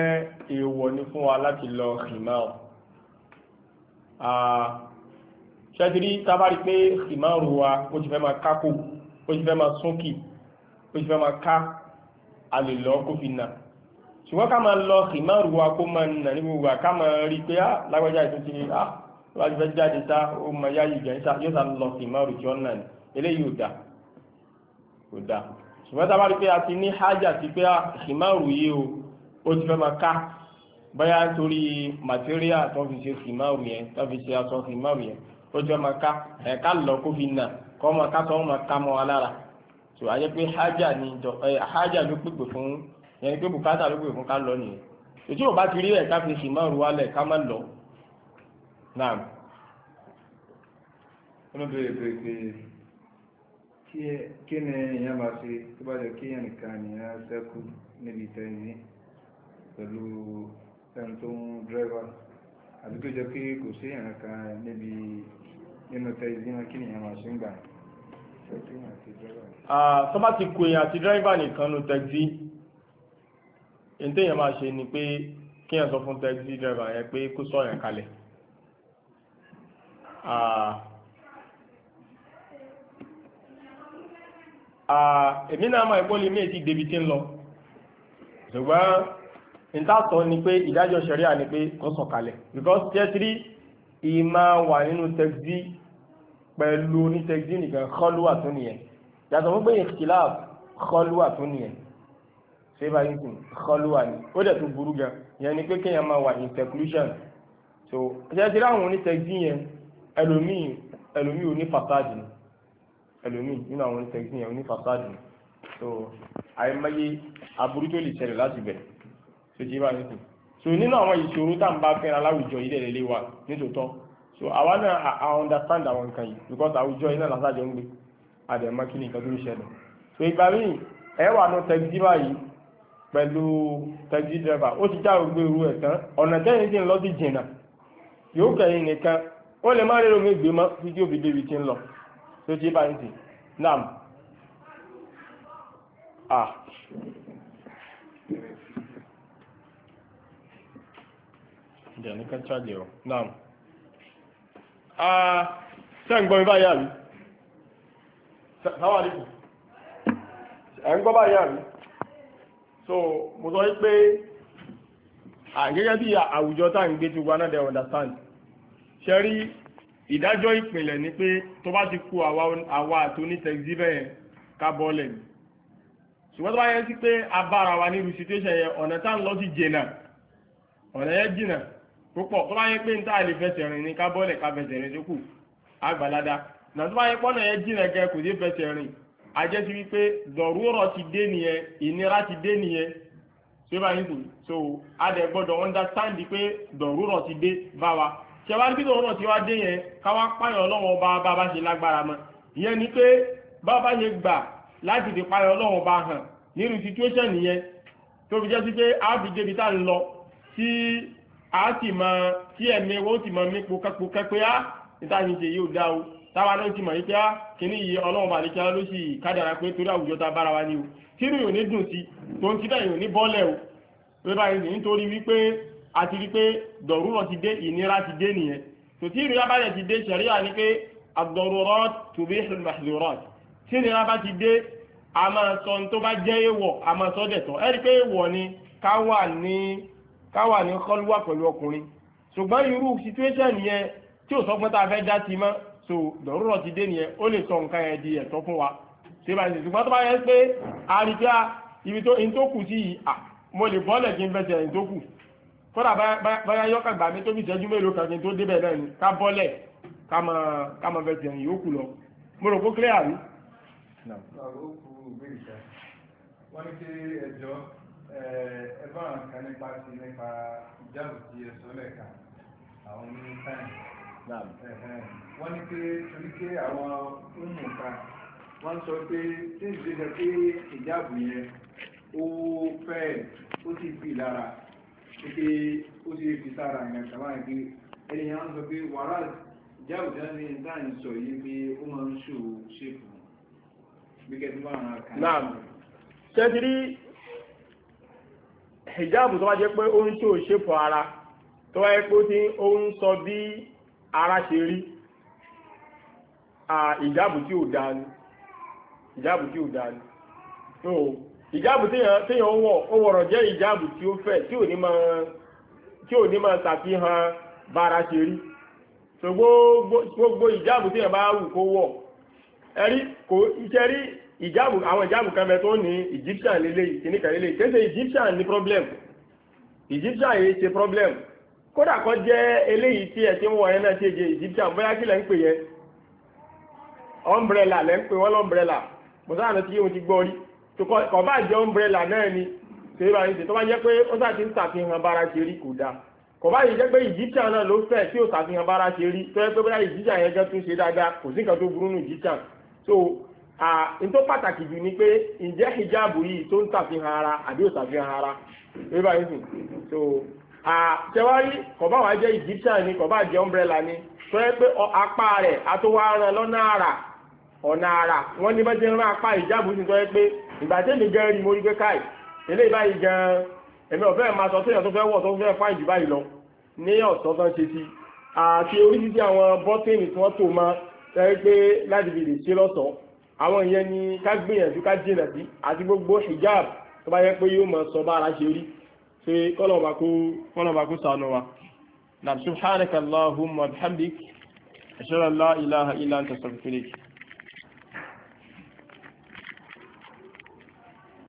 èèwọ̀ ní fún wa láti lọ ṣìmáà ṣẹ́tìrí tábàrí pé ṣìmáà rú wa ó ti fẹ́ máa kákò ó ti fẹ́ máa súnkì ó ti fẹ́ máa ká a lè lọ kó fi nà ṣùgbọ́n ká máa lọ ṣìmáà rú wa kó máa nà ní gbogbo ká máa rí pé á ah, lágbájá ìtún ti ah, á láti fẹ́ jáde sá ó máa yá ìjẹ́ sá yóò sá lọ ṣìmáà rú tí ó nà ní eléyìí ò dá kò dá ṣùgbọ́n tábàrí pé a ti ní hájà sí pé á ṣìmáà rú yìí o ó ti fẹ́ máa ká bóyá torí material tó fi ṣe fìmáwù yẹn tó fi ṣe aṣọ fìmáwù yẹn ó ti fẹ́ máa ká ẹ̀ka lọ kó fi nà kọ́ máa ká tó máa ká mọ́ wa lára tó a yẹ pé hájà ni ìjọ ẹ hájà ló pèpè fún yẹn pé bùkátà ló pèpè fún ká lọ nìyẹn ètò ìwọ̀n bá ti rí ẹ̀ka fi fìmáwù wálẹ̀ ká má lọ náà. wọ́n bèèrè pé pé kí ni èèyàn máa ṣe tó bá jẹ́ kéèyàn nìkan nìyẹn ṣẹ́kù níbi tẹ̀yìn pẹ̀lú ẹni tó ń dírẹ́wà àbí tó jẹ́ pé kò sí ìrìn kan níbi nínú tẹ́ ìdínà kí nìyẹn máa ṣe ń gbà tó bá ti kò èèyàn àti dírẹ́wà nìkan nu tẹ́gì ní téèyàn máa ṣe ni pé kí èèyàn sọ fún tẹ́gì dírẹ́wà yẹn pé kó sọ èèyàn kalẹ̀ èmi náà máa ẹ̀gbọ́n lè mí èsì débi tí ń lọ ṣùgbọ́n ìtàsọ ni pé ìdájọ́ ṣẹ̀ríà ni pé kó sọ̀kalẹ̀ because tier three ìmá wà nínú tẹ́gídì pẹ̀lú ní tẹ́gídì nìkan kọ́lùwà tó nìyẹn yàtọ̀ fún pé ìkìláàf kọ́lùwà tó nìyẹn favouritism kọ́lùwà ni ó dẹ̀ tó burú gan yẹn ni pé kéèyàn máa wà in seclusion so tier three àwọn onítẹ̀gídì yẹn ẹlòmíì ẹlòmíì ò ní fàtàdì ni ẹlòmíì nínú àwọn onítẹ̀gídì yẹn ò ní ni so àìmọye aburú tó lè ṣẹlẹ̀ láti bẹ̀rẹ̀ tó bá nìkú so nínú àwọn ìṣòro tá à ń bá fẹ́ra láwùjọ yìí lẹ́lẹ́lẹ́ wa nítòótọ́ so àwa náà a understand àwọn nǹkan yìí because àwùjọ yìí náà lásàjọ ń gbé àdèmọ́ kí ni nǹkan tó ń ṣẹlẹ̀ so ìgbà míì ẹ wà nù tẹ̀sí báyìí pẹ̀lú tẹ̀sí dẹ́fà ó ti já gbogbo irú ẹ̀ tán ọ̀nà tẹ́yìn tí ń lọ sí jìnnà yóò kẹ́yìn nìkan ó lè má rí omi gbé mọ́ títí òbí débi ti ń lọ tó ti bá ń sìn náà ah. ǹjẹ́ ní kan charge ẹ̀rọ náà ah ṣe ń gbọ́ mi báyìí àrí sáwàdí ẹ̀ ń gbọ́ báyìí àrí so mo sọ pé gẹ́gẹ́ bí àwùjọ tá ń gbé ti wa náà dẹ̀ understand ṣe rí ìdájọ́ ìpìlẹ̀ ni pé tó bá ti kú àwa àti onítẹ̀gí bẹ́ẹ̀ ká bọ́ọ̀lẹ̀ ni ṣùgbọ́n tó bá yẹ sí pé a bára wa ní situation yẹn ọ̀nà tá ń lọ sí jìnnà ọ̀nà yẹn jìnnà púpọ̀ tó bá yẹ pé ń tá àlè fẹsẹ̀ rìn ní kábọ́ọ̀lẹ̀ ká fẹsẹ̀ rìn sókù àgbàládá nà tó bá yẹ pọ́nà yẹn jìnà kẹ kò sí fẹsẹ̀ rìn ajẹ́ ti wípé dọ̀rúrọ̀ ti dé nìyẹn ìnira ti dé nìyẹn ṣé so adẹ gbọ́dọ̀ understand pé dọ̀rúrọ̀ ti dé bá wa wá dọ̀rúrọ̀ ti wá dé yẹn káwá páyọ̀ ọlọ́wọ́n bá bá bá ṣe lágbára mọ́ ìyẹn ni pé bá bá ṣe gbà láti fi páyọ̀ a ti mọ tí ẹ̀mí wọn ti mọ mí pokapoka pé á ah, níta ní ṣe yóò dá o táwa náà ti mọ̀ yí pé á ah, kíní yìí ọlọ́run bá lè kíá ló sì kádàrá pé torí àwùjọ ta bára wa ni o tírú yóò ní dùn sí tó ń tíbẹ̀ yóò ní bọ́lẹ̀ o pé báyìí nítorí wípé a ti dọ̀rúrọ̀ ti dé ìnira ti dé nìyẹn tó tí ìrora bá yẹ ti dé ṣàríà ni pé ad-darurat tubihul mahzurat tí ìnira bá ti dé a máa sọ tó bá jẹ́ èèwọ̀ a máa dẹ̀tọ̀ ẹ́ pé èèwọ̀ ni ká wà ní káwà ní kọ́lùwà pẹ̀lú ọkùnrin ṣùgbọ́n irú situation yẹn tí ò sọ́gbọ́n tá a fẹ́ dá sí mọ́ so dọ̀rọ̀rọ̀ ti dé nìyẹn ó lè sọ nǹkan yẹn di ẹ̀tọ́ fún wa ṣé bá ṣe ṣùgbọ́n tó bá yẹ pé àríkà ibi tó in tó kù sí yìí à mo lè bọ́ọ̀lẹ̀ kí n fẹsẹ̀ in tó kù kódà báyà yọkà gbà mí tó fi ìṣẹ́jú mélòó kan kí n tó débẹ̀ náà ni ká bọ́ọ̀lẹ̀ ká mọ fẹsẹ̀ yìí ó kù lọ mo rò kó clear rí. wọ́n ní kí ẹjọ́ ẹ̀bá nǹkan nípa ti nípa ìjáàbù ti ẹ̀sọ́ lẹ́ka àwọn ní táìmù. wọ́n ní pé torí pé àwọn ọmọ kan wọ́n sọ pé tí ìgbésẹ̀ pé ìjáàbù yẹn ó fẹ́ ó sì fi lára pé ó sì fi sára yẹn kàwá pé ẹni yẹn wọ́n sọ pé wàhálà ìjáàbù tí wọ́n ní táìmù sọ yìí pé ó máa ń ṣòwò ṣèkù. Naam. Ṣé ti rí hijab tó bá jẹ́ pé ó ń tó ara tó wáyé pé ó ti ń sọ bí ara ṣe rí ìjábù tí ò dáa ìjábù tí ò dáa ni wọ̀ ó wọ̀rọ̀ jẹ́ ìjábù tí ó fẹ́ tí ò ní máa tí bára ṣe so gbogbo bá wù kó wọ̀ ẹ̀rí kò ìjáàbù àwọn ìjáàbù kan bẹ tó ní egyptian lélẹ̀ ìkíníkà lélẹ̀ kéṣe egyptian ní problem egyptian yìí ṣe problem kódà kan jẹ́ eléyìí tí ẹ̀ ti ń wọ ẹ̀ náà ṣe jẹ egyptian bóyá kí lẹ́ ń pè yẹn umbrella lẹ́ ń pè wọ́n lọ́mbrella mo sáà lọ sí yóò ti gbọ́ rí jẹ́ umbrella náà ni ṣe é bá yín ṣe tó bá jẹ́ pé ó sáà ti ń ṣàfihàn bára ṣe rí kò dáa kò bá yìí jẹ́ pé egyptian náà ló fẹ́ tí ó ṣàfihàn bára ṣe rí tó yẹ pé bóyá egyptian yẹn jẹ́ tún ṣe dáadáa kò sí nǹkan tó burú nù egyptian so ntọ́ pàtàkì jù ni pé ǹjẹ́ hijab yìí tó ń tàfihàn ara àbí ò tàfihàn ara rí báyìí sùn so tẹwárí kọ̀bá wa jẹ́ egyptian ni kọ̀bá jẹ́ umbrella ni tó yẹ pé apá rẹ̀ atówárán lọ́nà àrà ọ̀nà àrà wọ́n ní bá ti rán apá hijab sí tó yẹ pé ìgbà tẹ́mi gan rí mo rí pé káì eléyìí báyìí gan èmi ọ̀fẹ́ máa sọ tó yàn tó fẹ́ wọ̀ tó fẹ́ fáìn jù báyìí lọ ní ọ̀sán tán ṣe sí àti oríṣiríṣi àwọn bọ́tìnì tí wọ́n tò mọ́ tẹ́ pé láti fi lè ṣe lọ́sọ̀ọ́ àwọn ìyẹn ni ká gbìyànjú ká jìnà sí àti gbogbo hijab tó bá yẹ pé yóò máa sọ bára ṣe rí ṣe kọ́lọ̀ọ̀bà kó wa na subhanaka allahumma bihamdik ashhadu an la ilaha illa anta astaghfiruka